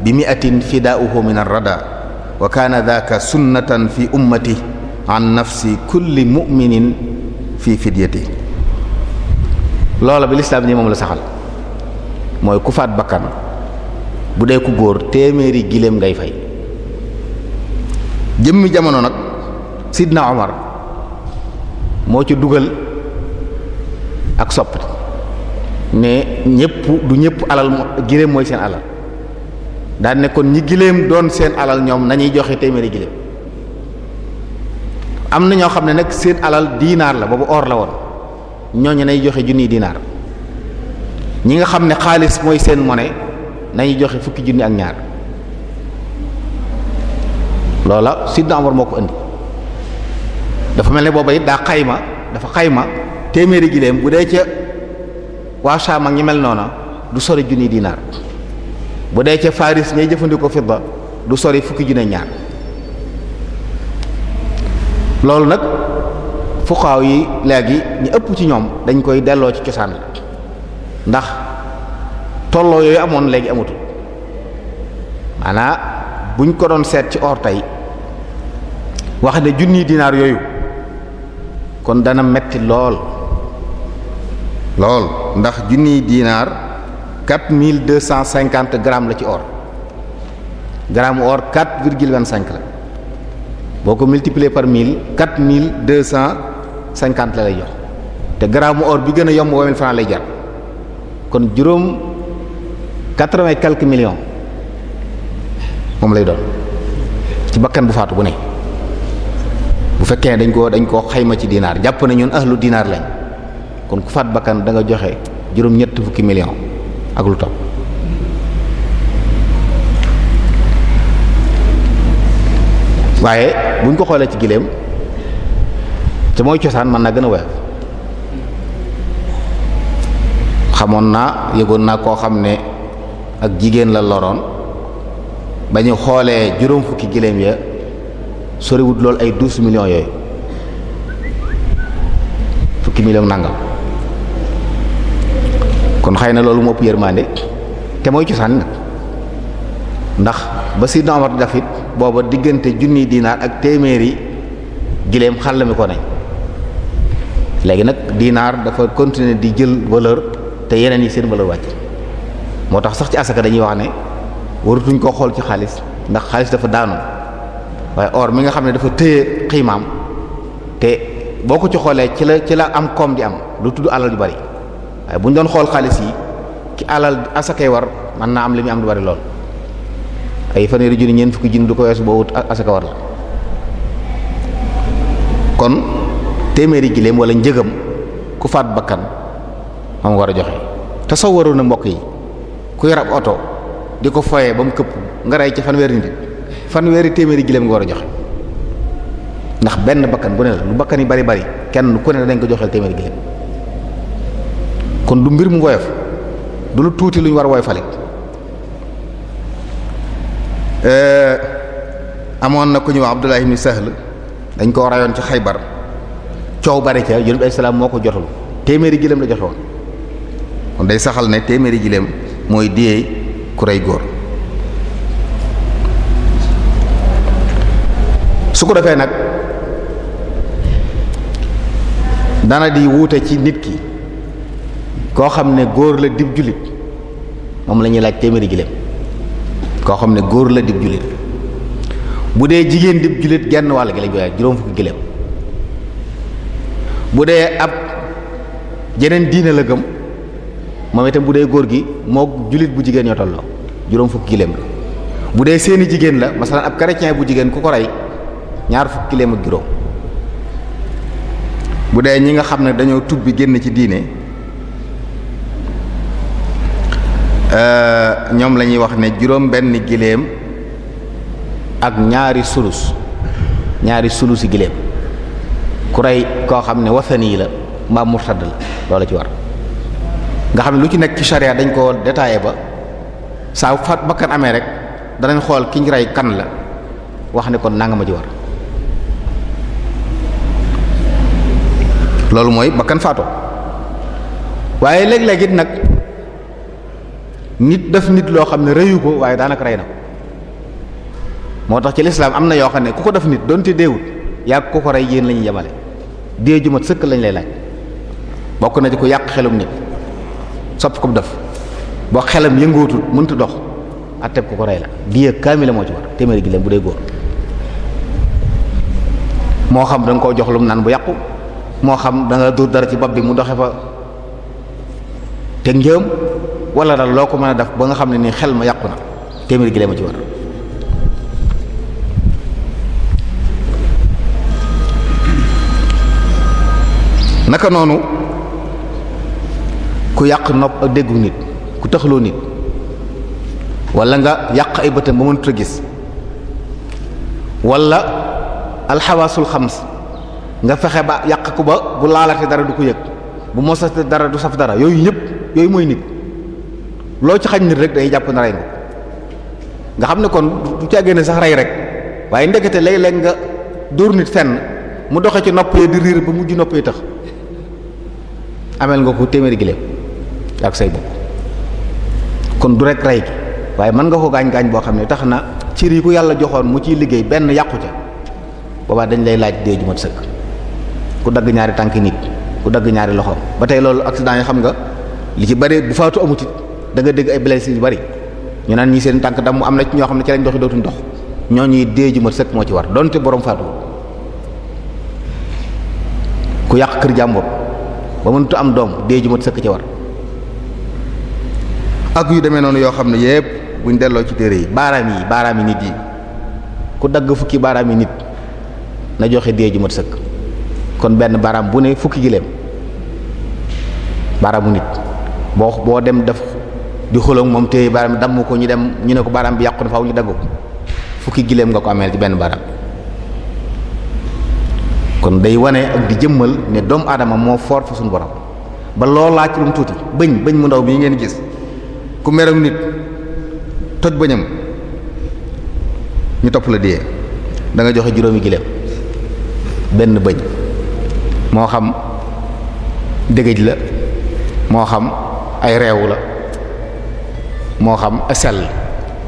bi miatin fidaauhu min arrada wa kaana daaka sunnatan fi ummati an nafsi kulli muminin fi fidyati loola bi lislaam nii moom la saxal mooy ku faat bakkan bu dee ku góor téeméeri giléem ngay fay jëmmi jamono nag sidna Omar moo ci dugal ak sopp ne ñëpp du ñëpp alal giléem mooy seen alal daan ne kon ñi giléem doon seen alal ñoom nañuy joxe téeméeri giléem am na ñoo xam ne nag seen alal diinaar la boobu or la woon ñooñu nay joxe junniy diinaar ñi nga xam ne xaalis mooy seen mone nañuy joxe fukki junni ak ñaar loola sidna Umar moo ko indi dafa mel ne booba it daa xayma dafa xayma téeméeri giléem bu dee ca waa Shaam ak ñi mel noona du sori junni dinaar bu dee ca Faris ñay jëfandikoo fidda du sori fukki junne ñaar loolu nag fuqaaw yi léegi ñu ëpp ci ñoom dañ koy delloo ci cosaan la ndax tolloo yooyu amoon léegi amatul maanaa buñ ko doon seet ci or tey wax ne junni dinaar yooyu kon dana metti lool lool ndax junniy dinaar quatre mille deux cent cinquante grammes la ci or gramme or quatre virgule vingt cinq la boo ko multiplier par mille quatre mille deux cent cinquante la lay jox te gramme or bi gën a yomb waa mille lay jar kon juróom quatre vingt quelques millions moom lay doon ci bakkan bu faatu bu ne bu fekkee dañ ko dañ koo xayma ci dinaar jàpp na ñun ahlu dinaar lañ. kon ku faat bakkan danga joxe juróom ñett fukki million ak lu topp waaye buñ ko xoolee ci giléem te mooy cosaan mën naa gën a woyof xamoon naa yëgoon naa koo xam ne ak jigéen la loroon ba ñu xoolee juróom fukki giléem ya soriwut lool ay douze millions yooyu fukki million nangam kon xëy na loolu moo ëpp yërmande te mooy cosaan nag ndax ba Sidna Omar daf it booba diggante junniy dinaar ak téeméeri giléem xàll mi ko nañ léegi nag dinaar dafa continuer di jël valeur te yeneen yi seen valeur wàcc moo tax sax ci asaka dañuy wax ne waratuñ koo xool ci xaalis ndax xaalis dafa daanu waaye or mi nga xam ne dafa tëye xiimaam te boo ko ci xoolee ci la ci la am koom di am lu tudd alal yu bari waaye bu ñu doon xool xaalis yi ki alal asakay war mën naa am li muy am du bari lool ay fanweeri junni ñeent fukki junni du ko weesu boo wut asaka war la kon téeméeri giléem wala njëgam ku faat bakkan moom war a joxe te soo waroon a mbokk yi ku yor oto di ko foyee ba mu këpp nga rey ci fanweeri nit fanweeri téeméeri giléem nga war a joxe ndax benn bakkan bu ne la lu bakkan bari bari kenn ku ne dañ ko joxeel téeméeri giléem kon du mbir mu woyof du lu tuuti lu war a woyofale eh, amoon na ku ñëw Abdullah ibn Sahl dañ koo rayoon ci Xaybar coow bari ca Yonent bi salaam moo ko jotul téeméeri giléem la jotoon kon day saxal ne téeméeri giléem mooy diyee ku rey góor su ko defee nag dana di wuute ci nit ki koo xam ne góor la dib jullit moom lañuy laaj téeméeri giléem koo xam ne góor la dib jullit bu dee jigéen dib jullit genn wàll gi la juróom fukki giléem bu dee ab jeneen diine la gëm moom itam bu dee góor gi moo jullit bu jigéen ñoo juróom fukki giléem la bu dee seeni jigéen la masalan ab chrétien bu jigéen ku ko rey ñaar fukki giléem ak juróom bu dee ñi nga xam ne dañoo tubbi génn ci diine Euh, ñoom la ñuy wax ne juróom benn giléem ak ñaari sulus ñaari sulusi giléem ku rey koo xam ne wasani la mbaa murtad la loola ci war nga xam ne lu ci nekk ci charia dañ ko détaillé ba saa faat bakkan amee rek danañ xool ki rey kan la wax ne ko nanga ma ci war loolu mooy bakkan faatoo waaye léeg-léeg it nag nit daf nit loo xam ne rëyu ko waaye daanaka rey na ko moo tax ci lislaam am na yoo xam ne ku ko def nit donte deewut yaa ku ko rey yéen lañuy ñuy yemale dee ju mat sëkk lañ lay laaj bokk na ci ku yàq xelum nit sopp ko def boo xelam yëngootul mënta dox atteb ku ko rey la die kaamila moo ci war téeméeri gi leen bu dee góor moo xam da ko jox lu mu naan bu yàqu moo xam da nga dóor dara ci bopp bi mu doxe fa te njëm wala dal loo ko mën a def ba nga xam ne ni xel ma yàqu na téeméeri gi ma ci war naka noonu ku yàq nopp déggu nit ku taxaloo nit wala nga yàq ay bëtam ba mënut a gis wala alxawaasul xams nga fexe ba yàq ku ba bu laalate dara du ko yëg bu mosate dara du saf dara yooyu yëpp yooyu mooy nit loo ci xañ nit rek day jàpp na rey nga nga xam ne kon du càggee ne sax rey rek waaye ndekete lay léeg nga dóor nit fenn mu doxe ci nopp ya di riir ba mujj nopp ya tax ameel nga ko téeméeri giléem kon du rek waaye mën nga ko gaañ-gaañ boo xam ne tax na cir yi ku yàlla joxoon mu ciy liggéey benn yàqu ca boobaa dañ lay laaj dee ju sëkk ku dagg ñaari tànk nit ku dagg ñaari loxoom ba tey loolu accident yi xam nga li ci bare bu faatu amutit danga dégg ay blessés yu bari ñu naan ñii seen tànk dam mu am na ci ñoo xam ne ci lañ doxi dootuñ dox ñoo ñuy dee ju ma sëkk moo ci war donte borom faatu ku yàq kër jàmbur ba mënut am doom dee ju ma sëkk ci war ak yu demee noonu yoo xam ne yépp buñ delloo ci téere yi baaraam yi baaraam yi nit yi ku dagg fukki baaraam yi nit na joxe dee ju ma sëkk kon benn baaraam bu ne fukki gileem baaraamu nit boo boo dem def di xuloo moom téye baaraam damm ko ñu dem ñu ne ko baaraam bi yàqu na faaw ñu dagg ko fukki giléem nga ko ameel ci benn baaraam kon day wane ak di jëmmal ne doomu aadama moo foor fa suñu borom ba loolu laaj lu mu tuuti bëñ bëñ mu ndaw bii ngeen gis ku meram nit toj bëñam ñu topp la diyee da nga joxe juróomi gileem benn bëñ moo xam dëgëj la moo xam ay reewu la moo xam asal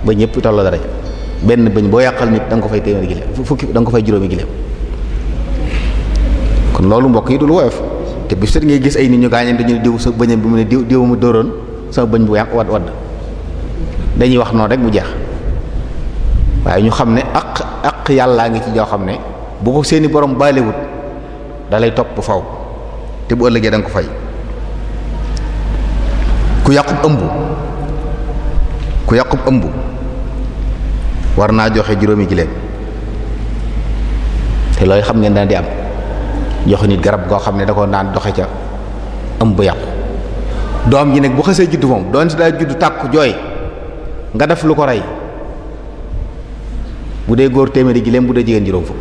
ba ñëpp tolloo dara benn bëñ boo yàqal nit da nga ko fay téeméeri gileem fukki da nga ko fay juróomi gileem kon loolu mbokk yi du lu woyof te bi set ngay gis ay nit ñu gaañeen dañu ne diw sa bëñam bi mu ne diw diw mu dóoroon sama bëñ bu yàq wadd wadd dañuy wax noonu rekk mu jeex waaye ñu xam ne aq aq yàllaa ngi ci joo xam ne boo ko seeni borom baalewut dalay topp faw te bu ëllëgee da ko fay ku yàqub ëmb ku yàqub ëmb war naa joxe juróomi giléem te looy xam ngeen dana di am joxe nit garab goo xam ne da ko naan doxe ca ëmb yàqu doom ji nag bu xasee juddu moom doon si daa juddu tàkku jooy nga def lu ko rey bu dee góor téeméeri giléem bu dee jigéen juróom fukk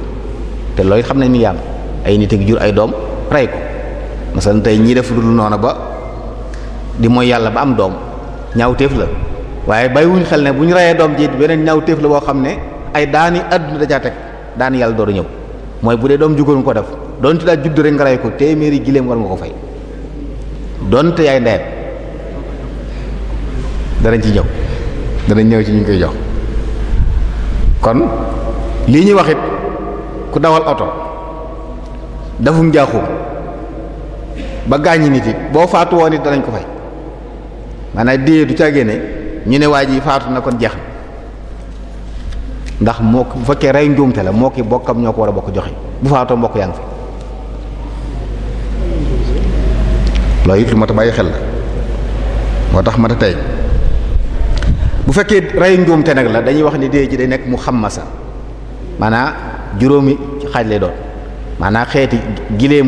te looy xam ne ni ay nit ak jur ay doom rey ko masalan tey ñii def lu dul noonu ba di mooy yàlla ba am doom ñaawteef la waaye bàyyiwuñ xel ne bu ñu reyee doom ji beneen ñaw téef la boo xam ne ay daani àdduna dajaa teg daani yàlla dooru ñëw mooy bu dee doom jugóon ko def donte daa judd rek nga rey ko téeméeri giléem war nga ko fay donte yaay ndeyam danañ ci ñëw danañ ñëw ci ñu koy jox kon lii ñuy wax it ku dawal oto defum njaaxum ba gaañi nit it boo faatu woon it danañ ko fay maanaam dee du caa génne ñu ne waa ji faatu na kon jeex na ndax moo bu fekkee rey njuumte la moo ki bokkam ñoo ko war a bokk joxe bu faatoo mbokk yaa ngi fi loolu it mat a bàyyi xel la moo tax mat a tey bu fekkee rey njuumte nag la dañuy wax ni dee ji day nekk mu xam xammasa maanaa juróomi xaaj lay doon maanaa xeeti gileem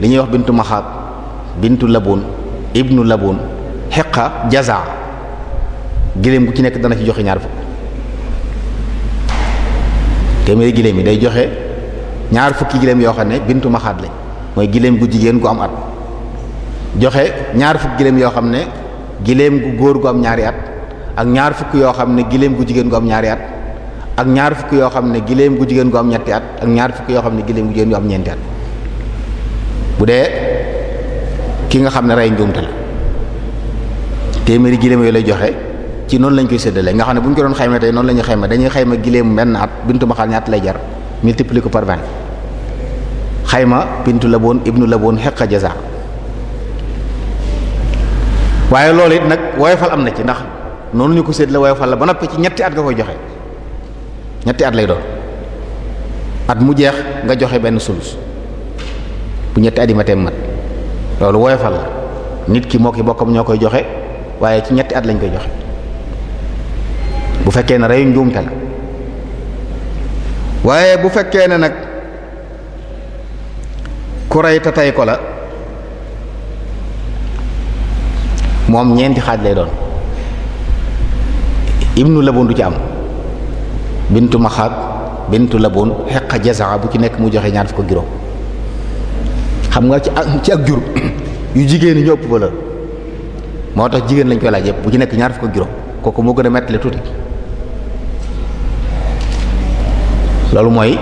li ñuy wax bintu maxaab bintu laboon ibnu laboon xeqa jaza giléem gu ci nekk dana ci joxe ñaar fukk téeméeri giléem yi day joxe ñaari fukki giléem yoo xam ne bintu maxaat lañ mooy giléem gu jigéen gu am at joxe ñaari fukki giléem yoo xam ne giléem gu góor gu am ñaari at ak ñaar fukk yoo xam ne giléem gu jigéen gu am ñaari at ak ñaar fukk yoo xam ne giléem gu jigéen gu am ñetti at ak ñaar fukk yoo xam ne giléem gu jigéen gu am ñeenti at bu dee ki nga xam ne rey njuumte la téeméeri giléem yooyu lay joxe ci noonu lañ koy séddale nga xam ne bu ñu ko doon xayma tey noonu la ñuy xayma dañuy xayma giléem benn at bintu maxal ñaata lay jar multiplié ko par 20 xayma bintu la boon ibnu la boon xeq jaza waaye loolu it nag woyofal am na ci ndax noonu ñu ko séddale woyofal la ba noppee ci ñetti at nga koy joxe ñetti at lay doon at mu jeex nga joxe benn sulus bu ñetti at yi ma teem mat loolu woyofal la nit ki moo ki bokkam ñoo koy joxe waaye ci ñetti at lañ koy joxe bu fekkee ne rey njuumte la waaye bu fekkee ne nag ku rey te tey ko la moom ñeenti xaaj lay doon ibnu labun du ci am bintu maxaab bintu labun xeq jazaa bu ci nekk mu joxe ñaar fi ko juróom xam nga ci ak ci ak jur yu jigéen ñu ñëpp ba la moo tax jigéen lañ koy laaj yëpp bu ci nekk ñaar fi ko juróom kooku moo gën a mettale tuuti loolu mooy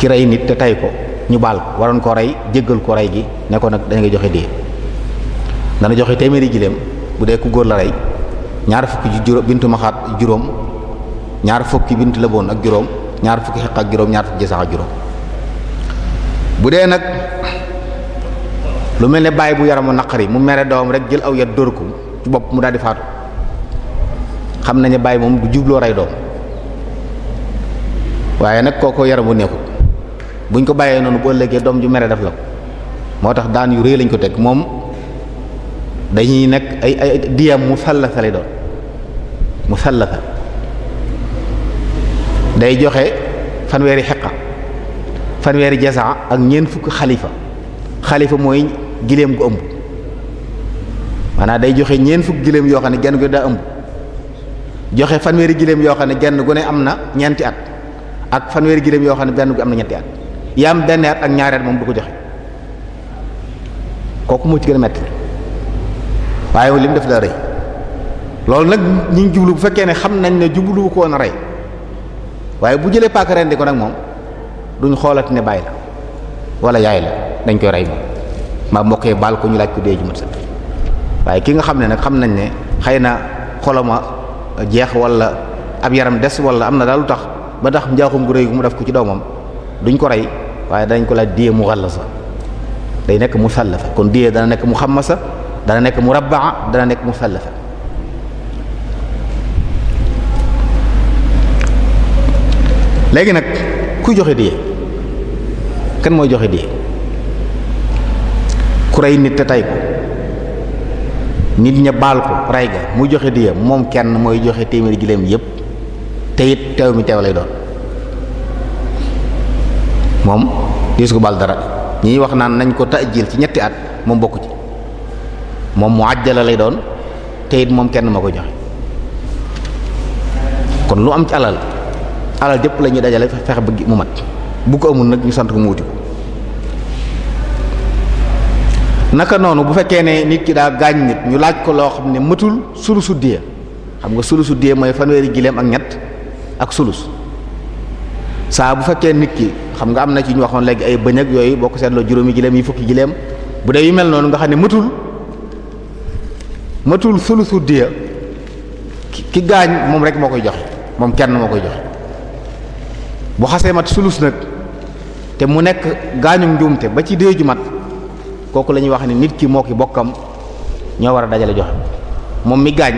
ci rey nit te tay ko ñu baal waroon ko rey jéggal ko rey gi ne ko nag dañ nga joxe dee dana joxe téeméeri giléem bu dee ku góor la rey ñaar fukki juróom bintu maxaat juróom ñaar fukki bintu lëboon ak juróom ñaar fukki xeq ak juróom ñaar fukki jesax ak juróom bu dee nag lu mel ne bàyyi bu yaramu naqari mu mere doom rek jël aw yat dóor ko ci bopp mu daal di faatu xam nañu bàyyi moom du jubloo rey doom waaye nag kooku yaram bu neexut buñ ko bàyyee noonu bu ëllëgee doom ju mere def la ko moo tax daan yu rëy lañ ko teg moom dañuy nekk ay ay diyam mu sallasa lay doon mu sallasa day joxe fanweeri xeqa fanweeri jasaa ak ñeent fukk xalifa xalifa mooy giléem gu ëmb maanaam day joxe ñeent fukk giléem yoo xam ne genn gu daa ëmb joxe yoo xam ne genn gu ne am na ñeenti at ak fanweeri giléem yoo xam ne benn bi am na ñetti at yam benn at ak ñaareet moom du ko joxe kooku moo ci gën a metti waaye li mu def la rëy loolu nag ñu ngi jublu bu fekkee ne xam nañ ne jublu ko woon a rey waaye bu jëlee paaka rendi ko nag moom duñ xoolat ne bàyyi la wala yaay la dañ koy rey moom maa mbokkee baal ko ñu laaj ko dee ju mat waaye ki nga xam ne nag xam nañ ne xëy na xolama jeex wala ab yaram des wala am na daal lu tax ba tax njaaxum gu rëy mu def ko ci doomam duñ ko rey waaye dañ ko laaj di mu xallasa day nekk mu sallafa kon diye dana nekk mu xammasa dana nekk mu rabbaa dana nekk mu sallafa léegi nag ku joxe di kan mooy joxe diye ku rey nit te tay ko baal ko rey mu joxe diye moom kenn mooy joxe téeméeri giléem yépp te teew mi teew lay doon moom diis ku bal dara ñi wax naan nañ ko taajil ci ñetti at moom bokku ci moom mu àjjala lay doon te moom kenn ma ko joxe kon lu am ci alal alal jëpp lañuy ñuy dajale fexe ba mu mat bu ko amul nag ñu sant ko mu wuti naka noonu bu fekkee ne nit ki daa gaañ nit ñu laaj ko loo xam ne matul sulusu diya xam nga sulusu diya mooy fanweeri gileem ak ñett ak sulus saa bu fekkee nit ki xam nga am na ci ñu waxoon léegi ay bëñ yooyu boo ko seetloo juróomi jileem yi fukki jileem bu dee yu mel noonu nga xam ne matul matul sulusu diya ki gaañ moom rek moo koy jox moom kenn moo koy jox bu xasee mat sulus nag te mu nekk gaañum njuumte ba ci déeju mat kooku la ñuy wax ne nit ki moo ki bokkam ñoo war a dajale joxe moom mi gaañ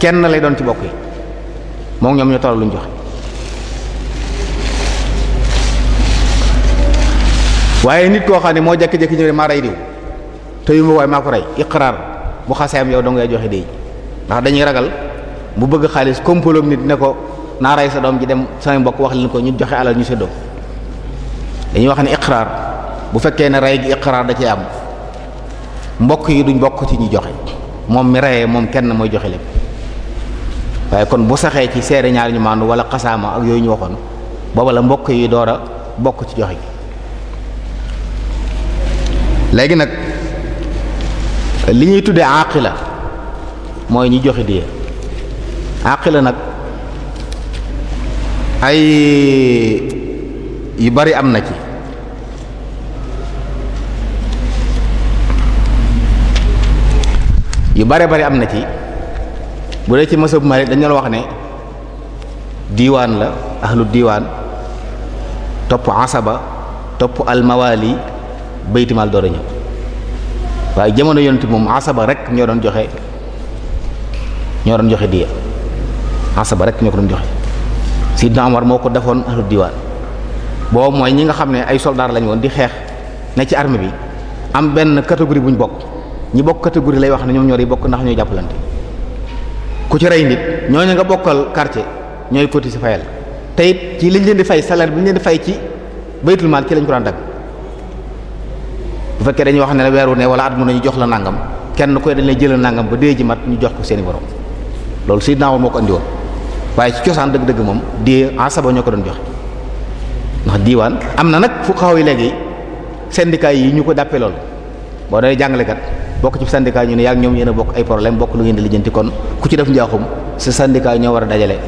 kenn lay doon ci bokk yi moom ñoom ñoo tolloo lu ñu joxe waaye nit koo xam ne moo jékki-jékki ñëw maa rey diw te yu ma waaye maa ko rey iqraar bu xasee am yow dong ngay joxe déy ndax dañuy ragal mu bëgg xaalis kompolom nit ne ko naa rey sa doom ji dem samay mbokk wax leen ko ñu joxe alal ñu séddoo dañuy wax ne iqraar bu fekkee ne rey gi iqraar da cee am mbokk yi duñ bokk ci ñu joxe moom mi reyee moom kenn mooy joxe lépp. waaye kon bu saxee ci seere ñaar ñu màndu wala xasaama ak yooyu ñu waxoon booba la mbokk yi doora bokk ci joxe gi léegi nag li ñuy tuddee àqila mooy ñu joxe di diye àqila nag ay yu bari am na ci yu bare bari am na ci bu dee ci masab mari dañu la wax ne diiwaan la ahlu diiwaan topp asaba topp almawali baytimaal door a ñëw waaye jamono yonent moom asaba rek ñoo doon joxe ñoo doon joxe di diya asaba rek ñoo ko doon joxe sidna Umar moo ko defoon ahlu diiwaan boobu mooy ñi nga xam ne ay soldaar lañu woon di xeex ne ci armée bi am benn catégorie bu ñu bokk ñi bokk catégorie lay wax ne ñoom ñor yi bokk ndax ñooy jàppalante ku ci rey nit ñooñu nga bokkal quartier ñooy cotiser fayal te it ci liñ leen di fay salaire bi ñu leen di fay ci baytul maal ci lañ ko daan dagg bu fekkee dañuy wax ne la weer wu ne wala at mu ne ñu jox la nangam kenn koy dañ lay jëlal nangam ba dee ji mat ñu jox ko seeni borom loolu si Omar moo ko andi woon waaye ci cosaan dëgg-dëgg moom dee asaba ñoo ko doon joxe ndax diiwaan am na nag fu xaw yi léegi syndicats yi ñu ko dàppee loolu boo dee jàngalekat. bokk ci syndicat ñu ne yaa ngi ñoom yéen bokk ay problème bokk lu ngeen di lijjanti kon ku ci def njaaxum si syndicat ñoo war a dajale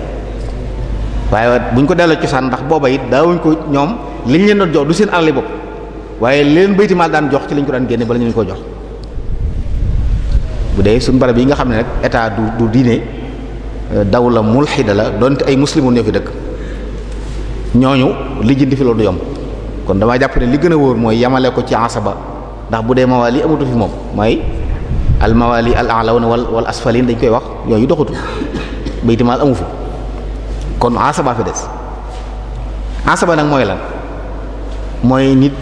waaye buñ ko delloo cosaan ndax booba it daawuñ ko ñoom liñ leen doon jox du seen alali bopp waaye li leen bayti daan jox ci lañ ko daan génne bala ko jox dee suñu barab yi nga xam ne nag état du du diine euh, daw la mulxida la donte ay muslimoon ñoo fi dëkk ñooñu lijjanti fi loolu du yomb kon damaa jàpp ne li gën a wóor mooy yamale ko ci asaba ndax bu dee mawaali amatu fi moom mooy al mawaali al alawna wal wal asfalin dañ koy wax yooyu doxatu baytimaal amu fa kon asaba fi des asaba nag mooy lan mooy nit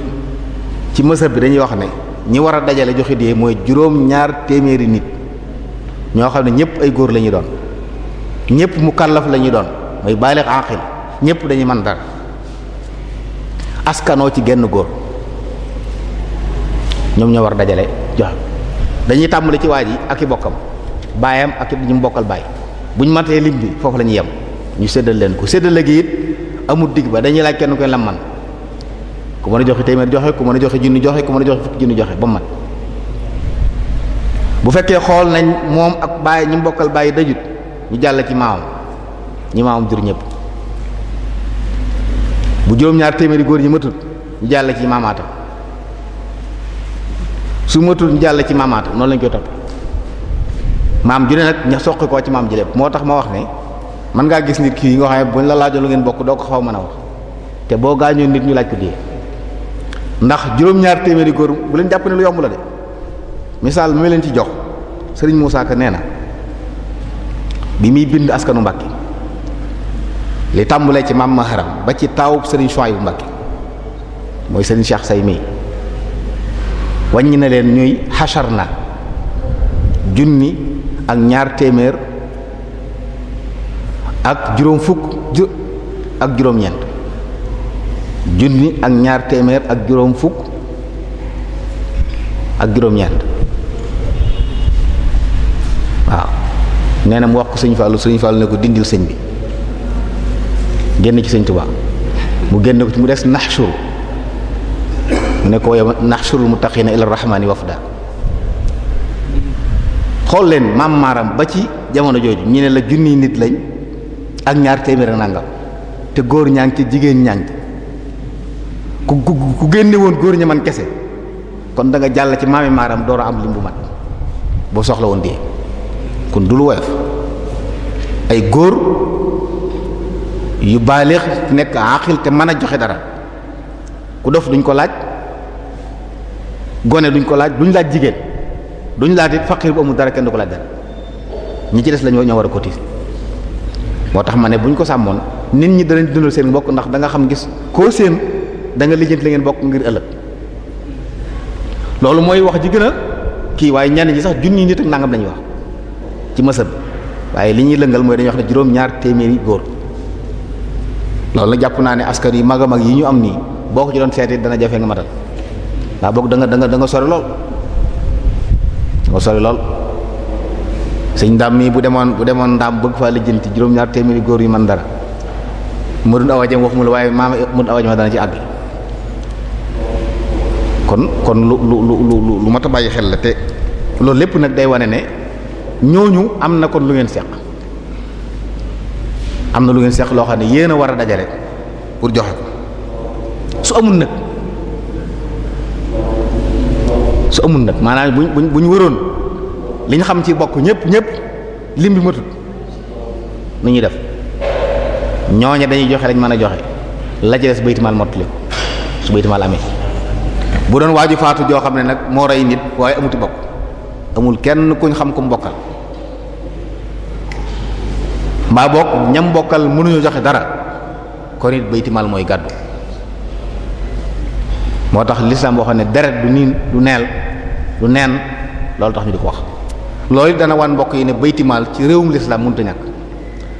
ci mësar bi dañuy wax ne ñi war a dajale joxe dee mooy juróom ñaar téeméeri nit ñoo xam ne ñëpp ay góor lañuy doon ñëpp mu kàllaf lañuy doon mooy baaleex aqil ñëpp dañuy mën dara askanoo ci genn góor ñoom ñoo war dajale joxe dañuy tàmbali ci waa ji ak i bokkam baayam ak ñu mbokkal baay bu ñu matee lim bi foofu la yem ñu séddal leen ko séddale gi it amul digg ba dañuy laaj kenn koy lam ku mën a joxe téeméer joxe ku mën a joxe junni joxe ku mën a joxe fukki junni joxe ba mu mat bu fekkee xool nañ moom ak baay ñu bokkal baay dajut ñu jàll ci maamam ñi maamam jur ñëpp bu juróom-ñaar téeméeri góor ñi matut ñu jàll ci maamaatam su matul jàll ci maamaata noonu lañ koy topp maam ju ne nag ña soqi koo ci maam ji moo tax ma wax ne mën ngaa gis nit kii yi nga xam ne buñ la laajoon lu ngeen bokk doo ko xaw mën a wax te boo gaañoo nit ñu laaj ko dee ndax juróom-ñaar téeméeri góor bu leen jàpp ne lu yomb la de misaal mi leen ci jox sëriñ Moussa Ka nee na bi muy bind askanu Mbàkke li tàmbalee ci maam Maharam ba ci taawu sëriñ yu Mbàkke mooy sëriñ Cheikh Say mi wàññi na leen ñuy xachar na junni ak ñaar téeméer ak juróom fukk ju ak juróom-ñeent junni ak ñaar téeméer ak juróom fukk ak juróom-ñeent waaw nee na mu wax ko sëñ Fallou sëñ Fallou ne ko dindil sëñ bi génn ci sëñ Tuubaa mu génn ko ci mu des naxshuru ne ko yow naxshurul muttaqina ila rahmani wafda xool leen maam maaram ba ci jamono jooju ñu ne la junniy nit lañ ak ñaar téeméer nangam te góor ñaa ngi ci jigéen ñaa ngi ci ku ku génne woon góor ña man kese kon danga jàll ci maami maaram door a am lim bu mat boo soxla woon dee kon du woyof ay góor yu baaleex nekk aqil te mën a joxe dara ku dof duñ ko laaj gone duñ ko laaj duñ laaj jigéen duñu laaj it faqir bu amul dara kenn du ko laaj dara ñi ci des la ñoo ñoo war a cotiser moo tax ma ne buñ ko sàmmoon nit ñi danañ dundal seen mbokk ndax da nga xam gis koo séen da nga lijjanti la ngeen bokk ngir ëllëg loolu mooy wax ji kii waaye ñan ñi sax junni nit ak nangam lañuy wax ci bi waaye li ñuy lëngal mooy dañuy wax ne juróom-ñaar téeméeri góor loolu la jàpp naa ne askan yi mag a mag yi ñu am nii boo ko ci doon seetee dana jafe nga matal. ndax boog da nga danga nga da nga sori lool da nga sori lool sëñ ndam mii bu demoon bu demoon ndam bëgg faa lijjanti juróom-ñaar téeméeri góor yi man dara mu dund awajam waxuma la waaye maama mu dund awajam ma dana ci àgg kon kon lu lu lu lu lu mat a bàyyi xel la te loolu lépp nag day wane ne ñooñu am na kon lu ngeen seq am na lu ngeen seq loo xam ne yéen a war a dajale pour joxe ko su amul nag. su amul nag maanaam buñ bu ñu wëroon li ñu xam ci bokk ñëpp ñëpp lim bi matul nu ñuy def ñooña dañuy joxe lañ mën a joxe la ci des baytimaal mottali su baytimaal amee bu doon waaju faatu joo xam ne nag moo rey nit waaye amuti bokk amul kenn kuñ xam ku mu bokkal mbaa bokk ñam mbokkal mënuñu joxe dara kon it baytimaal mooy gàddu moo tax lislaam xam ne deret du niin du neel du neen loolu tax ñu di ko wax loolu dana wan mbokk yi ne baytimaal ci réewum lislaam mënut a ñàkk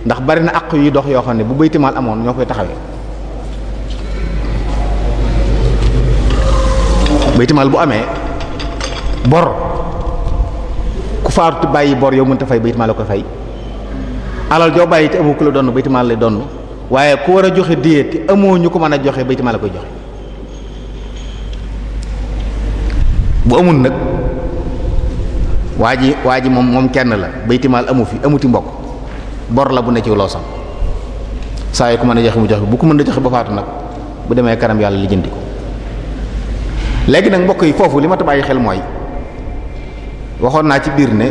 ndax bari na àq yu dox yoo xam ne bu baytimaal amoon ñoo koy taxawee baytimaal bu amee bor ku faatu bàyyi bor yow mënut a fay baytimaal la koy fay alal joo bàyyi te amoo ku la doon baytimaal lay doon waaye ku war a joxe diye te amoo ñu ko mën a joxe baytimaal la koy joxe bu amul nag waa ji waa ji moom moom kenn la baytimaal amu fi amuti mbokk bor la bu ne ci loosam saa yi ku mën a joxe mu joxe bu ko mën a joxe ba nag bu demee kanam yàlla li jëndi léegi nag mbokk yi foofu li ma bàyyi xel mooy waxoon naa ci biir ne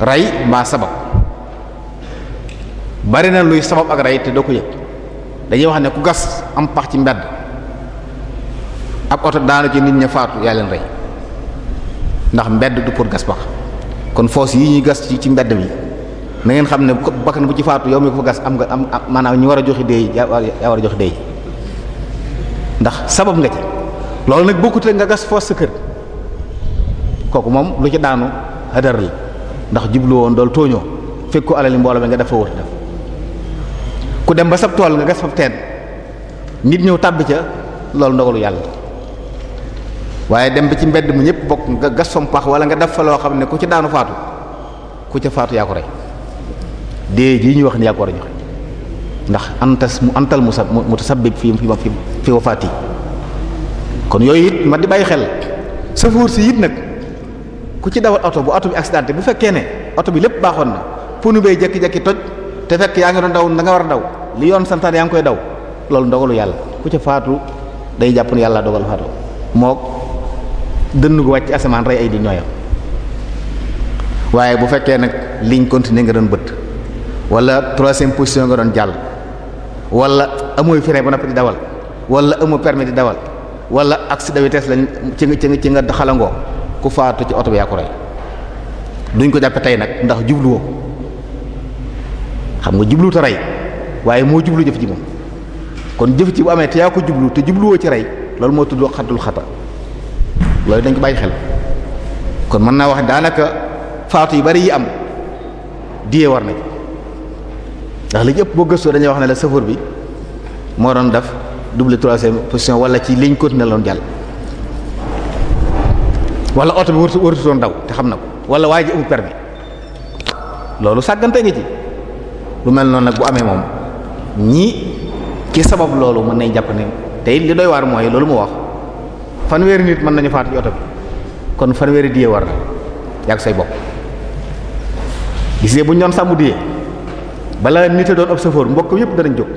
rey mbaa sabab bari na luy sabab ak rey te doo ko yëg dañuy wax ne ku gas am pax ci mbedd ab oto daanu ci nit ña faatu yaa leen rey ndax mbedd du pour gas pax kon foos yi ñuy gas ci ci mbedd mi na ngeen xam ne bakkan bu ci faatu yow mi ko fa gas am nga am maanaam ñu war a joxe dee yaa a joxe dee ndax sabab nga ci loolu nag bokkute nga gas foos sa kër kooku moom lu ci daanu hadar ndax jublu woon dool tooñoo fekk ko alali mbooloo mi nga dafa wër def ku dem ba sab tool nga gas fa teen nit ñëw tàbbi ca loolu ndogalu yàlla waaye dem ba ci mbedd mi ñëpp bokk nga gas fam pax wala nga def fa xam ne ku ci daanu faatu ku ca faatu yaa ko rey dee jii ñu wax ni yaa ko war a joxe ndax antas mu antal mu sa mu tasabbib fi fi fi fi wafaati kon yooyu it ma di bàyyi xel safoor si it nag ku ci dawal oto bu oto bi accidenté bu fekkee ne oto bi lépp baaxoon na punu bee jekki-jekki toj te fekk yaa ngi doon daw da war a daw li yoon santaan yaa ngi koy daw loolu ndogalu yàlla ku ca faatu day jàpp ne yàlla dënn gu wàcc asamaan rey ay di ñooyam waaye bu fekkee nag ligne continue nga doon bët wala troisième position nga doon jàll wala amooy frein ba noppi di dawal wala amoo permis di dawal wala accident de vitesse lañ ci nga ci nga ci nga xalangoo ku faatu ci oto bi yaa ko rey duñ ko jàppe tey nag ndax jubluwoo xam nga jublu te rey waaye moo jublu jëf ji moom kon jëf ci bu amee te yaa ko jublu te jubluwoo ci rey loolu moo tudd xaddul xata loolu dañ ko bàyyi xel kon mën naa wax daanaka faatu yu bari yi am diyee war nañ ndax li ëpp boo gëstoo dañuy wax ne la sëfur bi moo doon def double troisième position wala ci ligne continue loon jàll wala oto bi wërtu wërtu doon daw te xam na ko wala waaye ji amul permis loolu sàggante ngi ci lu mel noon nag bu amee moom ñii ki sabab loolu mën nañ jàpp ne tey li doy waar mooy loolu mu wax fanweeri nit mën nañu faatu ci oto bi kon fanweeri diyee war na yàgg say bopp gisee bu ñu doon sàmm diyee bala nit a doon ab safoor mbokk yépp danañ jóg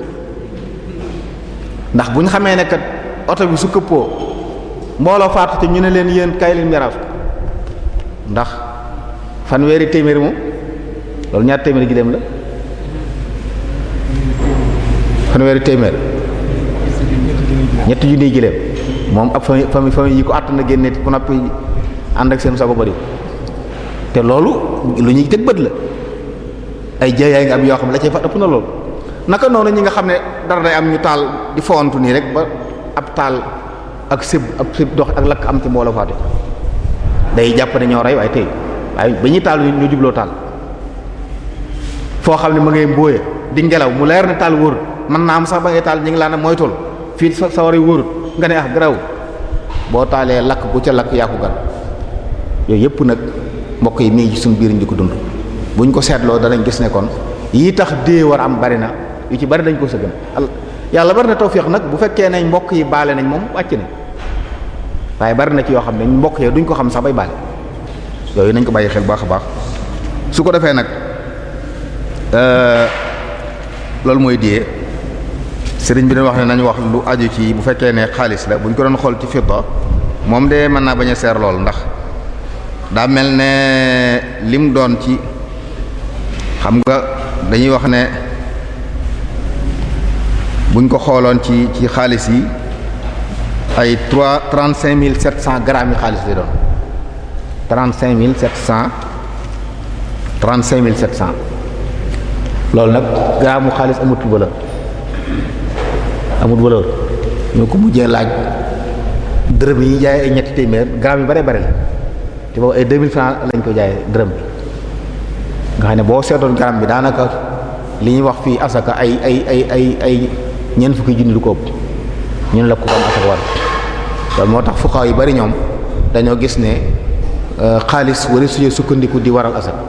ndax bu ñu xamee ne kat oto bi su këppoo mbooloo faatu te ñu ne leen yéen kay leen meraas ndax fanweeri téeméeri moom loolu ñaar téeméeri giléem la fanweeri téeméer ñetti junniy giléem moom ab famille famille famille yi ko àtt na génneeti ku noppi ànd ak seen sago bariw te loolu lu ñuy teg bët la ay jayaay nga am yoo xam ne la cay fa ëpp na loolu naka noonu ñi nga xam ne dara day am ñu taal di fowantu nii rek ba ab taal ak sëb ab sëb dox ak lakk am ci mbooloo faate day jàpp ne ñoo rey waaye tey waaye ba ñuy taal ñu jubloo taal foo xam ne ma ngay mbóoya di ngelaw mu leer ne taal wóorut mën naa am sax ba ngay taal ñu ngi laa ne moytul fii nga ne ah garaw boo taalee lakk bu ca lakk yaa ko gan yooyu yëpp nag mbokk yi nii ci suñu biir ñu ko dund buñ ko seetloo danañ gis ne kon yi tax dee war am bari na yu ci bari dañ ko sëggan yàlla bari na tawféex nag bu fekkee nañ mbokk yi baale nañ moom wàcc nañ waaye bari na ci yoo xam ne mbokk yi duñ ko xam sax bay baale yooyu nañ ko bàyyi xel baax a baax su ko defee nag euh, loolu mooy dee sëriñ bi doon wax ne nañu wax lu aju ci bu fekkee ne xaalis la buñ ko doon xool ci fidda moom de mën naa bañ a seer lool ndax daa mel ne lim doon ci xam nga dañuy wax ne buñ ko xooloon ci ci xaalis yi ay trois trente cinq mille sept cent grammes yi xaalis lay doon trente cinq mille sept cent trente mille sept loolu nag gramme xaalis amatul amul valeur mais ku mujjee laaj dërëm yi ñuy jaay ay ñetti téeméer gramme yu bare bare la te boobu ay 2000 francs lañ ko jaay dërëm bi nga xam ne boo seetoon garam bi daanaka li ñuy wax fii asaka ay ay ay ay ay ñeent fukki junni lu ko ëpp ñun la ko am asaka war loolu moo tax fuqaaw yi bari ñoom dañoo gis ne euh, xaalis wala suñu sukkandiku di waral asaka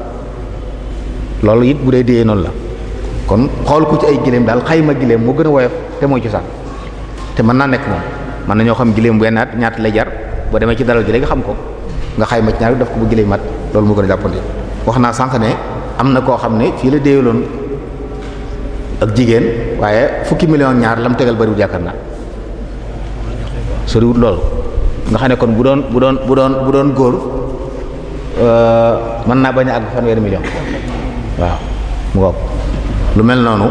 loolu it bu dee dee noonu la. kon xool ku ci ay giléem daal xayma giléem moo gën a woyof te mooy cosaan te mën naa nekk moom mën na ñoo xam giléem wenn at ñaata lay jar boo demee ci dalal ji léegi xam ko nga xayma ci ñaari def ko bu giléem mat loolu moo gën a jàppandi wax naa sànq ne am na koo xam ne fii la déeyaloon ak jigéen waaye fukki million ñaar lam tegal bariwul yaakaar naa soriwul loolu nga xam ne kon bu doon bu doon bu doon bu doon góor euh, mën naa bañ a àgg fanweeri million waaw mu ngoog lu mel noonu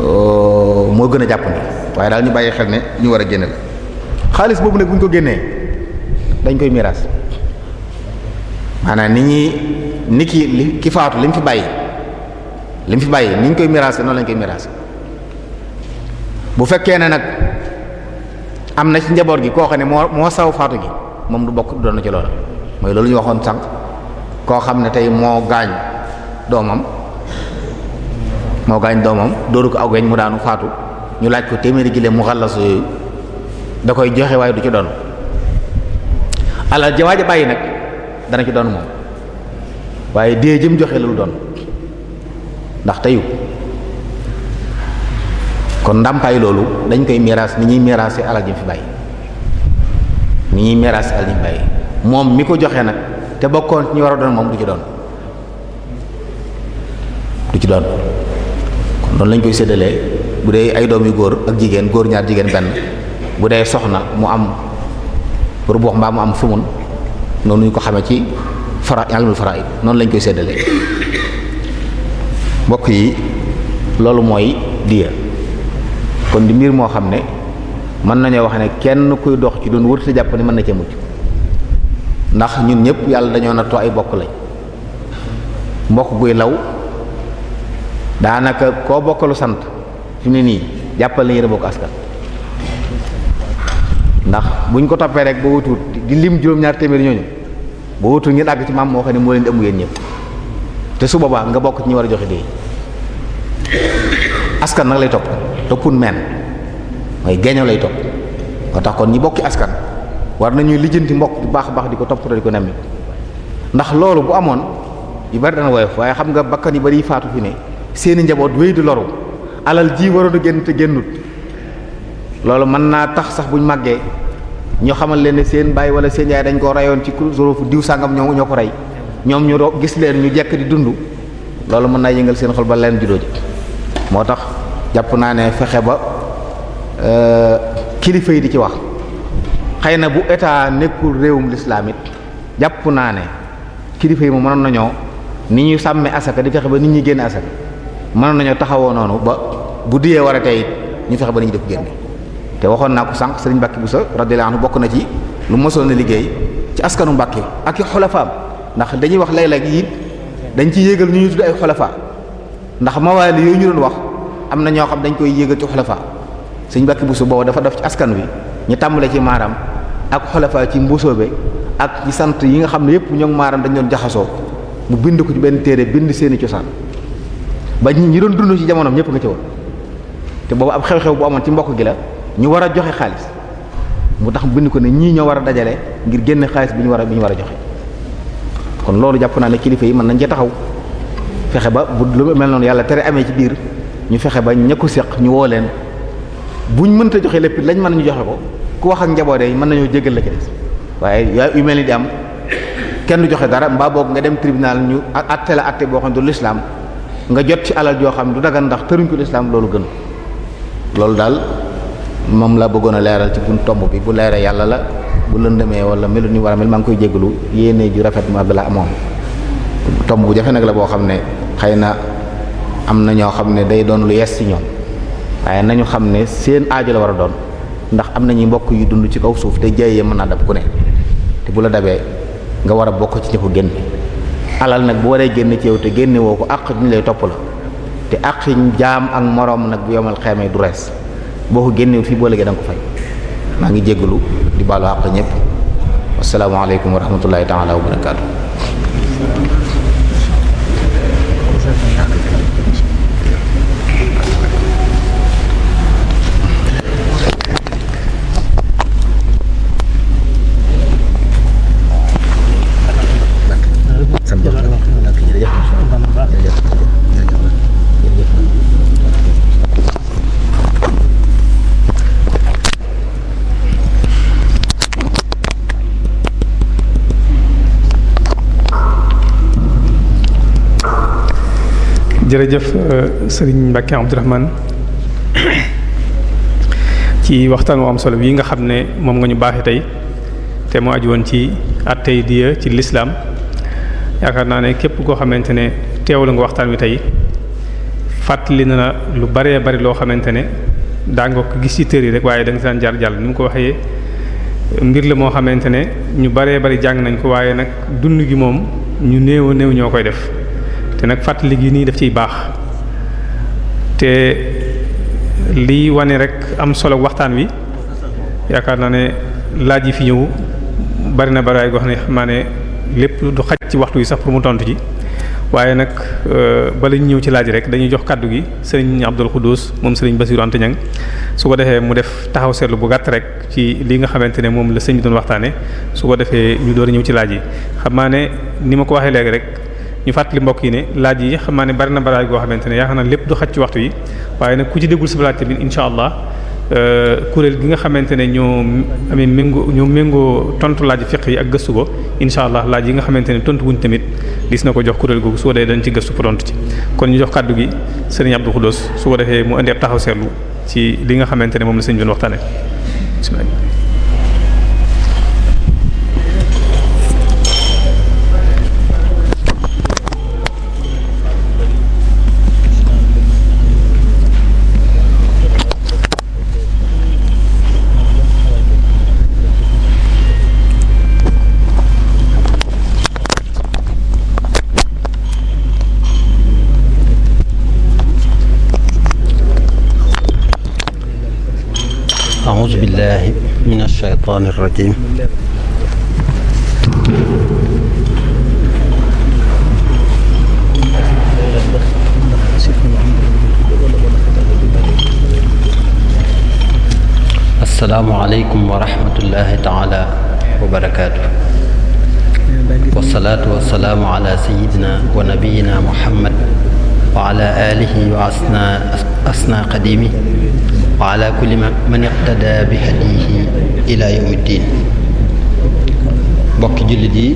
euh, moo gën a jàppandi waaye daal ñu bàyyi xel ne ñu war a génne la xaalis boobu nag bu ñu ko génnee dañ koy miraas maanaa ni ñi ni ki li ki faatu li mu fi bàyyi li mu fi bàyyi ni ñu koy miraas noonu lañ koy miraas bu fekkee ne nag am na ci njaboot gi koo xam ne moo moo saw faatu gi moom du bokk doon na ci loola mooy loolu ñu waxoon sànq koo xam ne tey moo gaañ doomam moo gaañ doomam dóoru ko aw gañ mu daanu faatu ñu laaj ko téeméeri gileem mu xàllas yooyu da koy joxe waaye du ci doon alal ja waaja bàyyi nag dana ci doon moom waaye dee jëm joxe la lu doon ndax teyu kon ndàmpaay loolu dañ koy miraas ni ñuy miraase alal ji fi bàyyi ni ñuy miraase alal ji fi bàyyi moom mi ko joxe nag te bokkoon ci ñu war a doon moom du ci doon du ci doon noonu lañ koy séddalee bu dee ay doom yu góor ak jigéen góor ñaar jigéen benn bu dee soxna mu am pour boox mbaa mu am fu noonu ñu ko xamee ci fara ilmul faraid noonu lañ koy séddalee mbokk yi loolu mooy diya kon di mbir moo xam ne mën nañoo wax ne kenn kuy dox ci doon wërta jàpp ne mën na cee mucc ndax ñun ñëpp yàlla dañoo nattoo ay bokk lañ mbokk guy law daanaka koo bokkalu sant fi ne nii jàppal na yéen a bokk askan ndax buñ ko toppee rek ba wutuut di lim juróom-ñaar téeméeri ñooñu ba wutuut ngeen àgg ci maam moo xam ne moo leen di ëmb yéen ñëpp te su boobaa nga bokk ci ñi war a joxe dee askan nag lay topp toppun meen mooy geeño lay topp moo tax kon ñi bokki askan war nañuy lijjanti mbokk bu baax a baax di ko toppatoo ko nemmi ndax loolu bu amoon yu bari dana woyof waaye xam nga bakkan yu bari faatu fi ne seeni njaboot wéy di loru alal ji waroon a génn te génnut loolu mën naa tax sax bu ñu màggee ñoo xamal leen ne seen baay wala seen yaay dañ koo reyoon ci zorofu diw sàngam ñoo ñoo ko rey ñoom ñu gis leen ñu jekk di dund loolu mën naa yëngal seen xol ba leen juddoo ji moo tax jàpp naa ne fexe ba euh, kilifa yi di ci wax xëy na bu état nekkul réewum lislaamit jàpp naa ne kilifa yi mu mënoon nañoo ni ñuy sàmmee asaka di fexe ba nit ñi génn asaka mënoon nañoo taxawoo noonu ba bu diyee war a tey ñu fexe ba nañu def génne te waxoon naa ko sànq sëriñ Mbàkke Buso radiyallahu anhu bokk na ci lu mosoon liggéey ci askanu Mbàkke ak i xulafaam ndax dañuy wax léeg-léeg dañ ci yéegal ñu ay xulafa ndax mawaali yooyu ñu doon wax am na ñoo xam dañ koy yéegal ci xulafa sëriñ Mbàkke Buso boobu dafa def ci askan wi ñu tàmbale ci maaraam ak xulafa ci mbosoobe ak ci sant yi nga xam ne yëpp ñoom maaram dañ doon jaxasoo mu bind ko ci benn téere bind seeni cosaan ba ñi doon dund ci jamonoom ñëpp nga ci woon te boobu ab xew-xew bu amoon ci mbokk gi la ñu war a joxe xaalis mu tax bind ko ne ñii ñoo war a dajale ngir génn xaalis bi ñu war a bi ñu war a joxe kon loolu jàpp naa ne kilifa yi mën nañ cee taxaw fexe ba bu lu mel noonu yàlla tere amee ci biir ñu fexe ba ña seq ñu woo leen buñ mënta joxe lépp lañ mën ñu joxe ko ku wax ak njaboot yi mën nañoo jégal la ci des waaye yooyu yu mel ni di am kenn joxe dara mbaa boog nga dem tribunal ñu àtte la àtte boo xam ne du l'islam nga jot ci alal joo xam ne du dagal ndax tëruñ ko lislaam loolu gën loolu daal moom laa bëggoon a leeral ci buñ tomb bi bu leeree yàlla la bu lëndëmee wala melu ni war a mel maa ngi koy jégalu yéene ju rafet bi Abdallah amoon tomb bu jafe nag la boo xam ne xëy na am na ñoo xam ne day doon lu yees ci ñoom waaye nañu xam ne seen aajo la war a doon ndax am nañu mbokk yu dund ci kaw suuf te jayyee mën naa dab ku ne te bu la dabee nga war a bokk ci ñi ko génn alal nag bu waree génn ci yow te génnewoo ko àq ñu lay topp la te àq jaam ak moroom nag bu yomal xeemee du rees boo ko génnewul fii boo léegi da ko fay maa ngi jéggalu di baalu àq ñëpp asalaamaaleykum wa rahmatullahi taala wa barakaatu jërëjëf euh, sëriñ Mbacke Abdourahmane ci waxtaan wu am solo bii nga xam ne moom nga ñu baaxee tey te mu aju woon ci attey diya ci lislaam yaakaar naa ne képp koo xamante ne teewlu nga waxtaan wi tey fàttali na la lu baree bari loo xamante ne daa nga ko gis ci tër yi rek waaye da nga si daan jàll ni mu ko waxee mbir la moo xamante ne ñu baree bari jàng nañ ko waaye nag dund gi moom ñu néew a néew ñoo koy def. te nag fàttali gi nii daf ciy baax te liy wane rek am solo waxtaan wi yaakaar naa ne laaj yi fi ñëw bari na baraay goo xam ne xam naa ne lépp du xaj ci waxtu yi sax pour mu tontu ji waaye nag euh, bala ñu ñëw ci laaj rek dañuy jox kàddu gi sëriñ Abdul Xudduus moom sëriñ Basiru Anta Ñang su ko defee mu def taxaw seetlu bu gàtt rek ci li nga xamante ne moom la sëñ bi doon waxtaane su ko defee ñu door ñëw ci laaj yi xam naa ne ni ma ko waxee léegi rek ñu fàttali mbokk yi ne laaj yi xamaa ne bari na baraay goo xamante ne yaakaar naa lépp du xaj ci waxtu yi waaye nag ku ci déggul sa laaj tamit incha allah euh, kuréel gi nga xamante ne ñoo amee méngoo méngoo tontu laaj fiq yi ak gëstu ko incha allah laaj yi nga xamante ne tontu wuñ tamit gis na ko jox kuréel googu su ko defee dañ ci gëstu ko ci. kon ñu jox kàddu gi sëriñ Abdou Khoudoss su ko defee mu indi ab taxaw seetlu ci li nga xamante ne moom la sëñ doon waxtaanee أعوذ بالله من الشيطان الرجيم السلام عليكم ورحمة الله تعالى وبركاته والصلاة والسلام على سيدنا ونبينا محمد وعلى آله وأثناء أثناء قديمه wa ala kulli man iqtada bi hadihi ila yawmi ddin jullit yi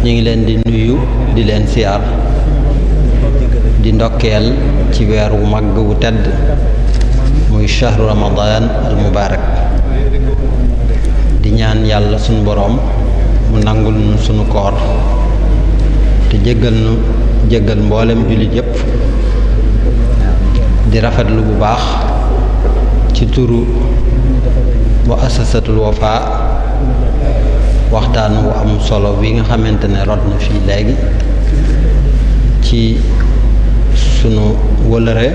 ñu ngi leen di nuyu di leen siyaar di ndokkeel ci weer wu mag wu tedd muy shahru ramadan al mubarak di ñaan yàlla sunu boroom mu nangul nu sunu koor te jéggal nu jéggal mboolem jullit yépp di rafetlu bu baax ci turu muassasatul Wafa waxtaan wu am solo bi nga xamante ne rot na fii léegi ci sunu wëlëre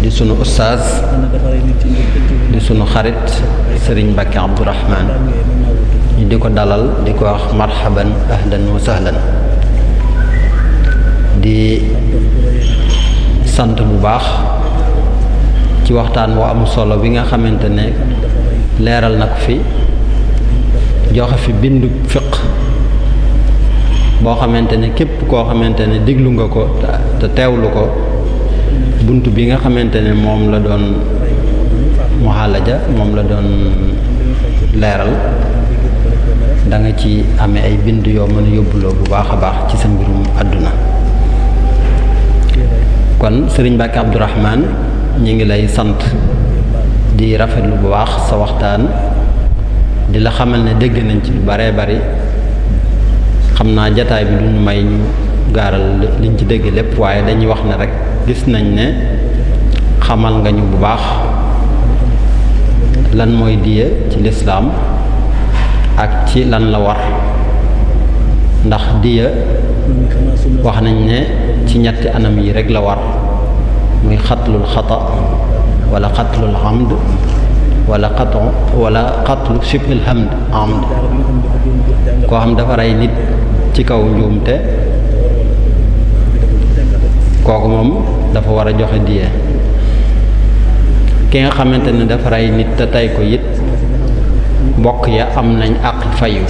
di sunu ustaas di sunu xarit sëriñ Mbacke Abdourahman ñu di ko dalal di ko wax marhaban ahlan wa sahlan di sant bu baax waxtaan wu am solo bi nga xamante ne leeral na ko fi joxe fi bindu fiq boo xamante ne képp koo xamante ne diglu nga ko te teewlu ko bunt bi nga xamante ne moom la doon muhalaja moom la doon leeral danga ci amee ay bind yoo mën yóbbuloo bu baax a baax ci sa mbirum àdduna kon sëriñ Mbàkke Abdurahmaan ñi ngi lay sant di rafetlu bu baax sa waxtaan di la xamal ne dégg nañ ci lu baree bari xam naa jataay bi duñ may ñu gaaral liñ ci dégg lépp waaye dañuy wax ne rek gis nañ ne xamal nga ñu bu baax lan mooy diye ci lislaam ak ci lan la war ndax diya wax nañ ne ci ñetti anam yi rek la war muy xatlul xata wala xatlul amd wala xatlu shibhil hamd amd koo xam dafa rey nit ci kaw njuumte kooku moom dafa war a joxe diye ki nga xamante ne dafa rey nit te tey ko it mbokk ya am nañ àq fayu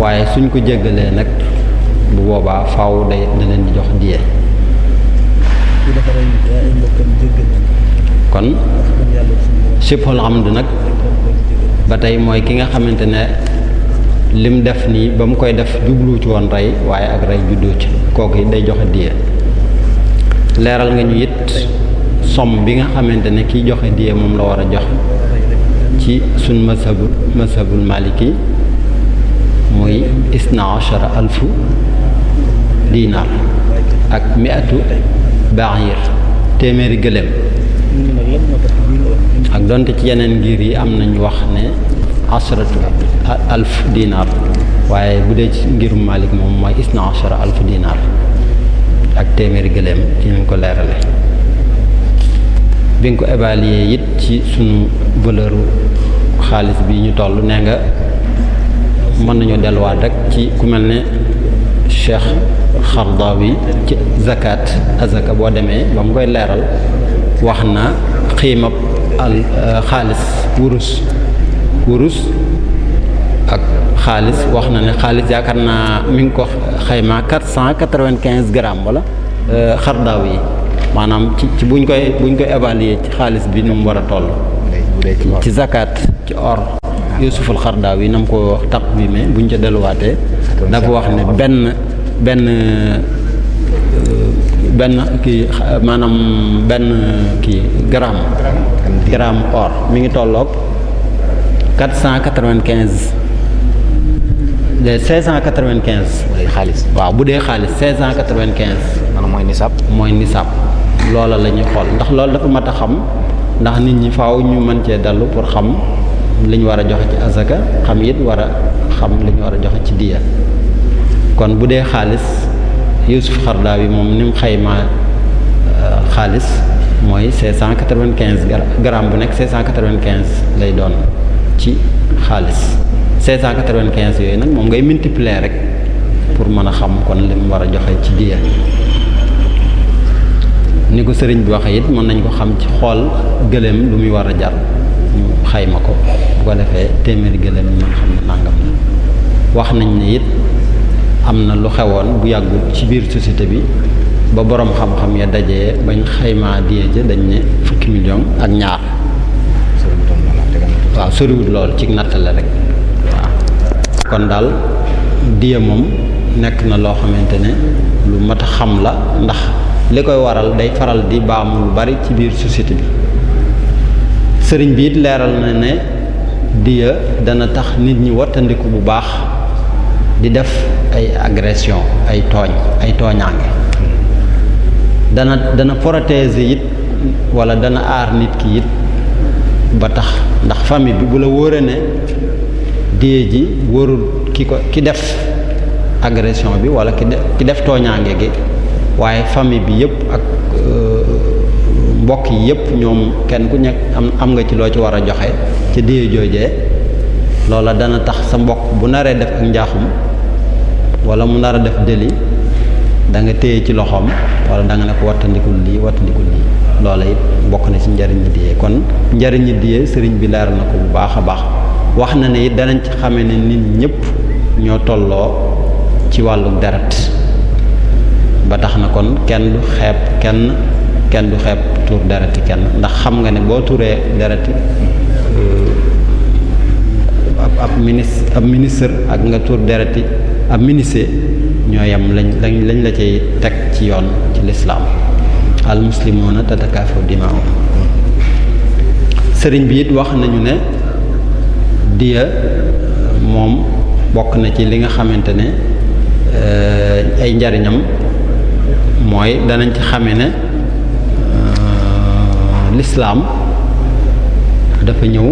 waaye suñ ko jéggalee nag bu boobaa faw day da di jox diye kon sippul xamdu nag ba tey mooy ki nga xamante ne lim def nii ba mu koy def jublu ci woon rey waaye ak rey juddoo ci kooku it day jox diye leeral nga ñu it somm bi nga xamante ne kiy joxe diye moom la war a jox ci sun masabul masabul maliki muy isna ashara alfu dinar ak miatu baax baxiir téeméeri gëléem ak dont ci yeneen ngir yi am nañu wax ne asratu alf dinaar waaye bu dee ci ngirum Malik moom mooy isna asra alf dinaar ak téeméeri gëléem ci ñu ko leerale bi nga ko évaluer it ci sunu valeur xaalis bi ñu toll nee nga mën nañoo delluwaat rek ci ku mel ne cheikh xardaawi ci zakat azaka boo demee ba mu koy leeral wax na xiimab al euh, xaalis wurus wurus ak xaalis wax na ne xaalis yaakaar naa mu ngi ko xayma quatre cent quatre-vingt-quinze grammes wala xardaaw euh, yi maanaam ci buñ koy buñ koy évaluer ci xaalis bi nu mu war a toll ci zakat ci or yusuful xardaaw yi na mu ko tax bi buñ ca delluwaatee dafa wax ne benn benn euh, benn ki maanaam benn kii gramme gramme or mi ngi tollook quatre cent quatre-vingt-quinze de seize cent quatre xaalis waaw bu dee xaalis seize cent quatre-vingt-quinze mooy nisab mooy nisab loola la ñuy xool ndax loolu dafa mat a xam ndax nit ñi faw ñu mën cee dallu pour xam li ñu war a joxe ci asaka xam it war a xam li ñu war a joxe ci diya kon bu dee xaalis Yuusuf Xardaawi moom ni mu xaymaa euh, xaalis mooy cinq cent quatre-vingt-quinze gramme bu nekk cinq cent quatre-vingt-quinze lay doon ci xaalis cinq cent quatre yooyu nag moom ngay multiplier rek pour mën a xam kon li war a joxe ci diya ni ko sëriñ bi waxee it mën nañ ko xam ci xool gëléem lu muy war a jar ñu xayma ko bu ko defee téeméeri gëléem ñu xam ne nangam wax nañ ne it am na lu xewoon bu yàggul ci biir société bi ba boroom xam-xam ya dajee bañ xaymaa die ja dañ ne fukki million ak ñaar waaw soriwut lool ci natt rek waaw kon daal die moom nekk na loo xamante ne lu mat a xam la ndax li koy waral day faral di baamu lu bari ci biir société bi sëriñ bi it leeral na ne diya dana tax nit ñi wattandiku bu baax di def ay agression ay tooñ ay tooñaange dana dana protéger it wala dana aar nit ki it ba tax ndax famille bi bu la wóoree ne dee ji wóorul ki ko ki def agression bi wala ki def ki def tooñaange gi waaye famille bi yépp ak euh, mbokk yi yépp ñoom kenn ku nekk am am nga ci loo ci war a joxe ci dee joojee loola dana tax sa mbokk bu naree def ak njaaxum wala mu nar a def dëli danga téye ci loxoom wala da nga ne ko wattandikul lii wattandikul lii loola it bokk na ci njariñ ñi kon njariñ ñi sëriñ bi leeral na ko bu baax a baax wax na ne it danañ ci xamee ne nit ñëpp ñoo tolloo ci wàllu deret ba tax na kon kenn du xeeb kenn kenn du xeeb tuur dereti kenn ndax xam nga ne boo turee dereti euh, ab ab ministre ak nga tuur dereti ab ministre ñoo yem lañ lañ la cay teg ci yoon ci lislaam al muslimuna tatakafu dimaahum sëriñ bi it wax nañu ne diya moom bokk na ci li nga xamante ne eh, ay njariñam mooy danañ ci xame ne eh, lislaam dafa ñëw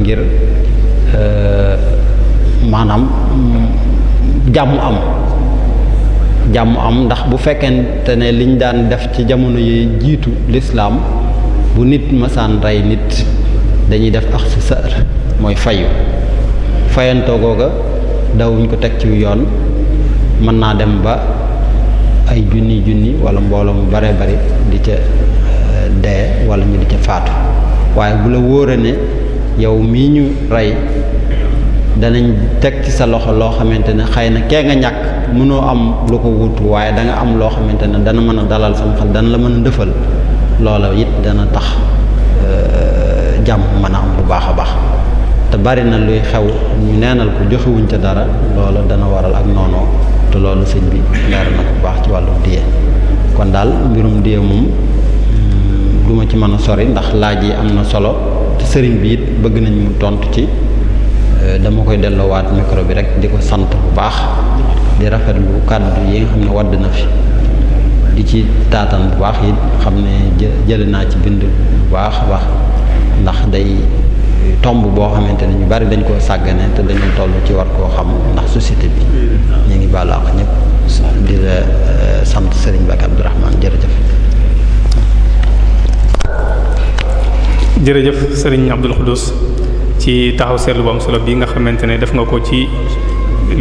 ngir eh, maanaam jàmm am jàmm am ndax bu fekkente ne liñ daan def ci jamono yi jiitu lislaam bu nit masaan rey nit dañuy def ax si sër mooy fayu fayantoo googa dawuñ ko teg ci yoon mën naa dem ba ay junni junni wala mbooloo mu bare bari di ca eh, dee wala ñu di ca faatu waaye bu la wóora yow mii ñu rey danañ teg ci sa loxo loo xamante ne xëy na kee nga ñàkk mënoo am lu ko wut waaye da nga am loo xamante ne dana mën a dalal sam xel dana la mën a ndëfal loola it dana tax euh, jàmm mën a am bu baax a baax te bari na luy xew ñu neenal ko joxewuñ ca dara loola dana waral ak noonoo te loolu sëñ bi na bu baax ci wàllu diye kon daal mbirum diye moom mm, duma ci mën a sori ndax laaj yi am na solo te sëriñ bi it bëgg nañ mu tontu ci Euh, dama koy delloowaat micro bi rek di ko sant bu baax di rafet lu kàddu yi nga xam ne wadd na fi di ci taataan bu baax it xam ne jële naa ci bind bu baax a baax ndax day tomb boo xamante ne ñu bari dañ koo sàggane te dañu toll ci war koo xam ndax société bi ñu ngi baalu àq di la euh, sant Serigne Bakk Abdourahmane jërëjëf jërëjëf Serigne Abdoul Khoudous ci taxaw seetlu bu am solo bi nga xamante ne def nga ko ci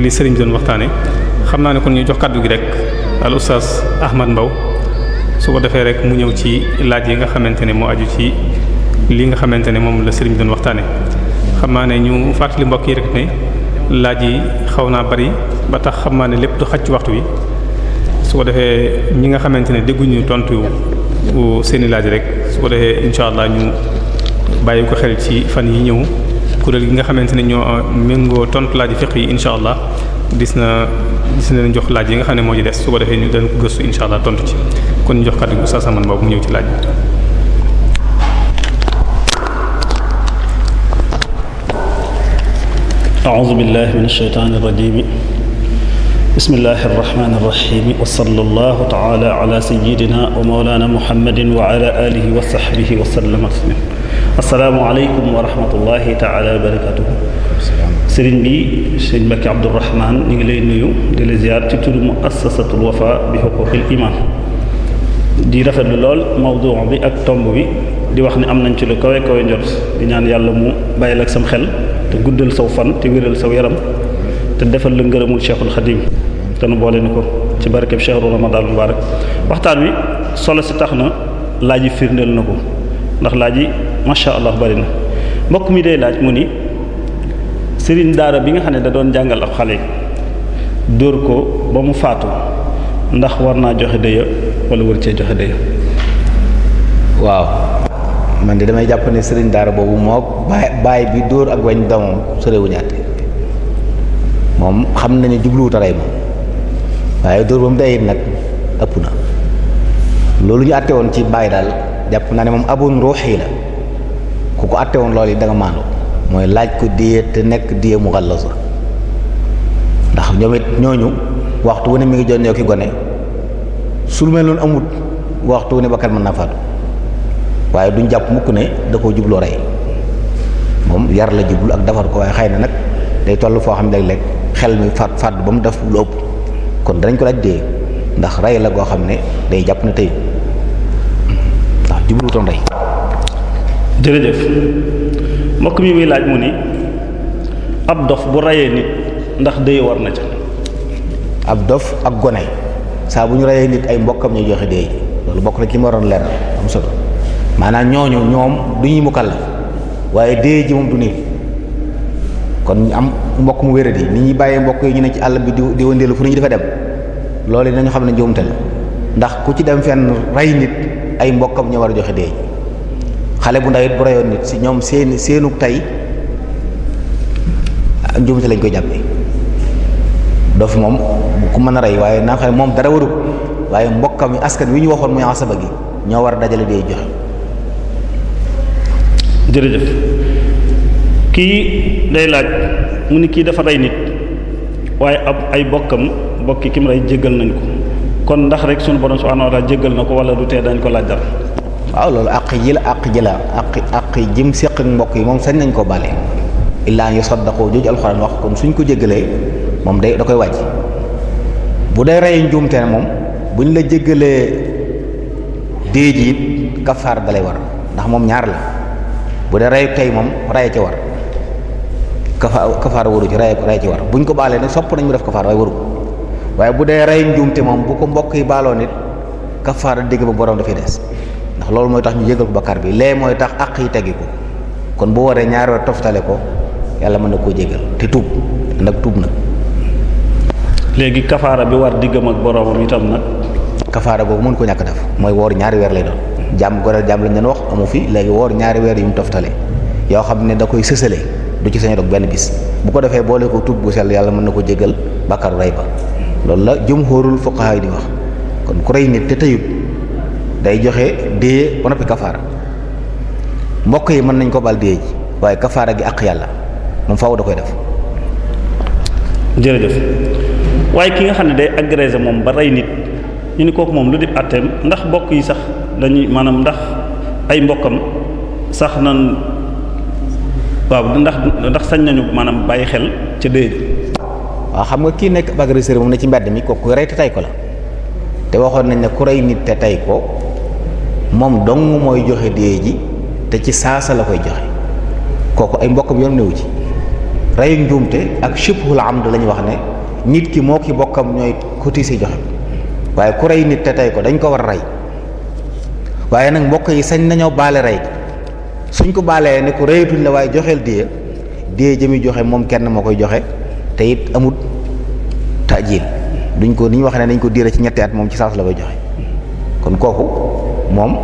li sëriñ bi doon waxtaane xam naa ne kon ñu jox kàddu gi rek al oustaz Ahmad Mbaw su ko defee rek mu ñëw ci laaj yi nga xamante ne moo aju ci li nga xamante ne moom la sëriñ bi doon waxtaane xam naa ne ñu fàttali mbokk yi rek ne laaj yi xaw naa bari ba tax xam naa ne lépp du xaj ci waxtu wi su ko defee ñi nga xamante ne dégguñu tontu seeni laaj rek su ko defee incha allah ñu bàyyi ko xel ci fan yi ñëw kuréel gi nga xamante ne ñoo euh, méngoo tontu laaj fiq yi incha allah dis na dis na leen jox laaj yi nga xam ne moo ci des su ko defee ñu dañ ko gëstu incha allah tontu ci kon ñu jox kàddu gi sa saman boobu mu ñëw ci laaj bi. a'uuzu billahi mina shaytaani rajiim bismillahi rahmaani rahiim wa sallallahu ta'ala ala sayyidina wa mawlana muhammadin wa ala alihi wa sahbihi wa sallam asalaamualeykum wa rahmatullahi taala wa sëriñ bi sëriñ Mbacke Abdourahman ñu ngi lay nuyu di la ziar ci turu muassasatul wafa bi xuquqil iman di rafetlu lool mawdu bi ak tomb bi di wax ni am nañ ci lu kawe kawe njot di ñaan yàlla mu bàyyil ak sam xel te guddal saw fan te wéral saw yaram te defal la ngërëmul cheikhul xadim te nu boole ni ko ci barkeb cheikhul ramadan mubarak waxtaan wi solo si tax na laaj yi firndeel na ko ndax laaj yi macha allah bari na mbokk mi day laaj mu ni sëriñ daara bi nga xam ne da doon jàngal ab xale dóor ko ba mu faatu ndax war naa joxe dëya wala war cee joxe dëya waaw man de damay jàpp ne sëriñ daara boobu moo baay baay bi dóor ak wañ doomam sorewuñu àtte moom xam na ne jubluwut rey moom waaye dóor ba mu dayit nag ëpp na loolu ñu àtte woon ci baay daal jàpp naa ne moom abun ruuxi la ku ko àtte woon lool yi danga nga maandu mooy laaj ko diye te nekk diye mu xallasa ndax ñoom it ñooñu waxtu wu ne mi ngi jonjoo ki gone sul mel noonu amut waxtu wu ne bakkan mën naa faatu waaye duñ jàpp mukk ne da koo jubloo rey moom yar la jublu ak defar ko waaye xay na nag day toll foo xam ne léeg-léeg xel mi faat ba mu def lu ëpp kon danañ ko laaj dee ndax rey la goo xam ne day jàpp na tey jubluwutoon rey. jërëjëf mbokk mi muy laaj mu ni ab dof bu reyee nit ndax dëye war na ca. ab dof ak gone saa bu ñu reyee nit ay mbokkam ñuy joxe dëye loolu bokk na ci li ma waroon leeral am solo maanaam ñooñu ñoom du ñuy mukallaf waaye dëye ji moom du nit kon am mbokk mu wéradi ni ñuy bàyyee mbokk yi ñu ne ci àll bi di di wëndeelu fu ñu di dem loolu nañu xam ne njuumte la ndax ku ci dem fenn rey nit. ay mbokkam ñoo war a joxe dee xale bu ndaw it bu rayoon nit si ñoom seen seenu tey ak ah, njuumte lañ koy jàppe doo moom ku mën a rey waaye naa xam moom dara waru waaye mbokkam yi askan wi ñu waxoon muy asaba gi ñoo war a dajale dee joxe jërëjëf kii day laaj mu ni kii dafa rey nit waaye ab ay bokkam bokki kim rey jéggal nañ ko kon ndax rek sunu borom subhanahu wa taala jéggal na ko wala du tee dañ ko laaj dara waaw loolu àq ji la àq ji la àq àq jim séq ak mbokk yi moom sañ nañ ko bale illaa yu saddaqoo jooju alxuraan wax kon suñ ko jéggalee moom day da koy wàcc bu dee rey njuumte moom buñ la jëggalee dee ji it kafaar dalay war ndax moom ñaar la bu dee reyu tey moom reye ci war kafa kafaar waru ci reye reye ci war buñ ko baalee ne sopp nañ mu def kafaar waaye waru waaye bu dee rey njuumte moom bu ko mbokk yi baaloo nit kafaara digg ba boroom dafay des ndax loolu mooy tax ñu yëgal ko bakkaar bi lee mooy tax àq yi tegi ko kon bu waree ñaari weer toftale ko yàlla mën na koo jégal te tuub nag tuub nag. léegi kafaara bi war diggam ak boromam itam nag. kafaara boobu mën ko ñàkk def mooy woor ñaari weer lay doon jàmm goreel jàmm lañ leen wax amu fi léegi woor ñaari weer yu mu toftale yoo xam ne da koy sësale du ci sañ dog benn bis bu ko defee boole ko tub bu sell yàlla mën na ko jégal bàkkaaru rey ba loolu la jumhurul fuqaha yi di wax kon ku rey nit te tëyut day joxe dee ba noppi kafaara mbokk yi mën nañ ko bal dee ji waaye kafaara gi àq yàlla moom faaw da koy def jërëjëf waaye ki nga xam ne day agressé moom ba rey nit ñu ni kooku moom lu dib àtteem ndax mbokk yi sax dañuy maanaam ndax ay mbokkam sax nan waaw ndax ndax sañ nañu maanaam bàyyi xel ca déy waaw xam nga kii nekk agresseur moom ne ci mbedd mi kooku rey te tay ko la te waxoon nañ ne ku rey nit te tay ko moom dong mooy joxe déy ji te ci saasa la koy joxe kooku ay mbokkam yoon newu ci reyu njuumte ak shibhul amd la ñu wax ne nit ki moo kii bokkam ñooy cotiser joxe waaye ku rey nit te tey ko dañ ko war a rey waaye nag mbokk yi sañ nañoo baale rey suñ ko baalee ne ko rëyatuñ ne waaye joxeel diye diye jëmi joxe moom kenn moo koy joxe te it amut taajil duñ ko ni wax ne nañ ko diire ci ñetti at moom ci saas la koy joxe kon kooku moom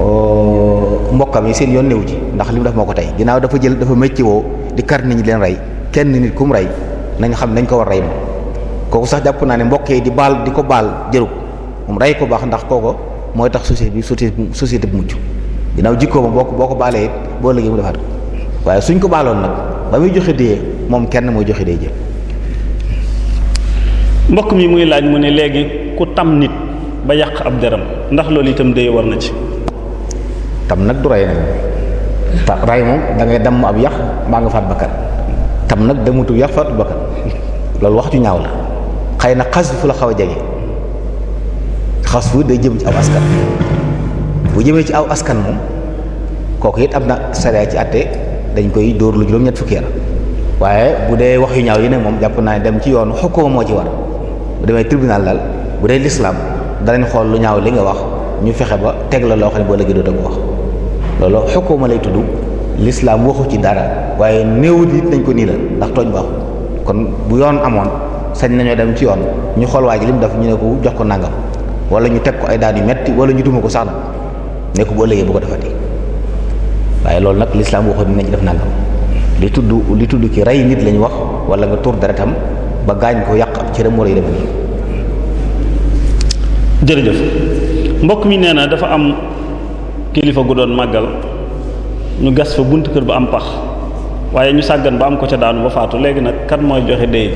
euh, mbokkam yi seen yoon néew ci ndax li mu def moo ko tey ginnaaw dafa jël dafa métti woo di kar nit ñi leen rey kenn nit ku mu rey nañ xam nañ ko war rey moom kooku sax jàpp naa ne mbokk yi di baal di ko baal jërub moom rey ko baax ndax kooko mooy tax société bi société société bu mucc dinaw jikkoo boo ko boo ko baalee boo léegi mu defaat ko waaye suñ ko baaloon nag ba muy joxe dee moom kenn mooy joxe day jël mbokk mi muy laaj mu ne léegi ku tam nit ba yàq ab deram ndax loolu itam dee war na ci tam nag du rey nag ta moom da ngay damm ab yàq maa ngi faat bakkan tam nag damutu yàq faatu bakkan loolu wax ju ñaaw la xëy na xas fu la xaw a jege xas fu day jëm ci ab askan bu jëmee ci aw askan moom kooku it am na sariya ci àtte dañ koy dóor lu juróom-ñett fukki yar waaye bu dee wax yu ñaaw yi ne moom jàpp naa dem ci yoonu xukuma moo ci war bu demee tribunal bu dee lislaam danañ xool lu ñaaw li nga wax ñu fexe ba teg la loo ne boo léegi dootoo ko wax loolu xukuma lay tudd lislaam waxu ci dara waaye néewut it ko nii ndax tooñ baaxul kon bu yoon amoon sañ nañoo dem ci yoon ñu xool waaj ji li ñu ne ko jox ko nangam wala ñu teg ko ay daan yu metti wala ñu duma ko sax na ne boo léegi bu ko defati waaye loolu nag lislaam waxoon nañ def nangam li tudd li tudd ki rey nit lañ wax wala nga tur deretam ba gaañ ko yàq ab cëram wala yu demee nii jërëjëf mbokk mi nee na dafa am kilifa gu doon màggal ñu gas fa buntu kër ba am pax waaye ñu sàggan ba am ko ca daanu ba faatu léegi nag kan mooy joxe déy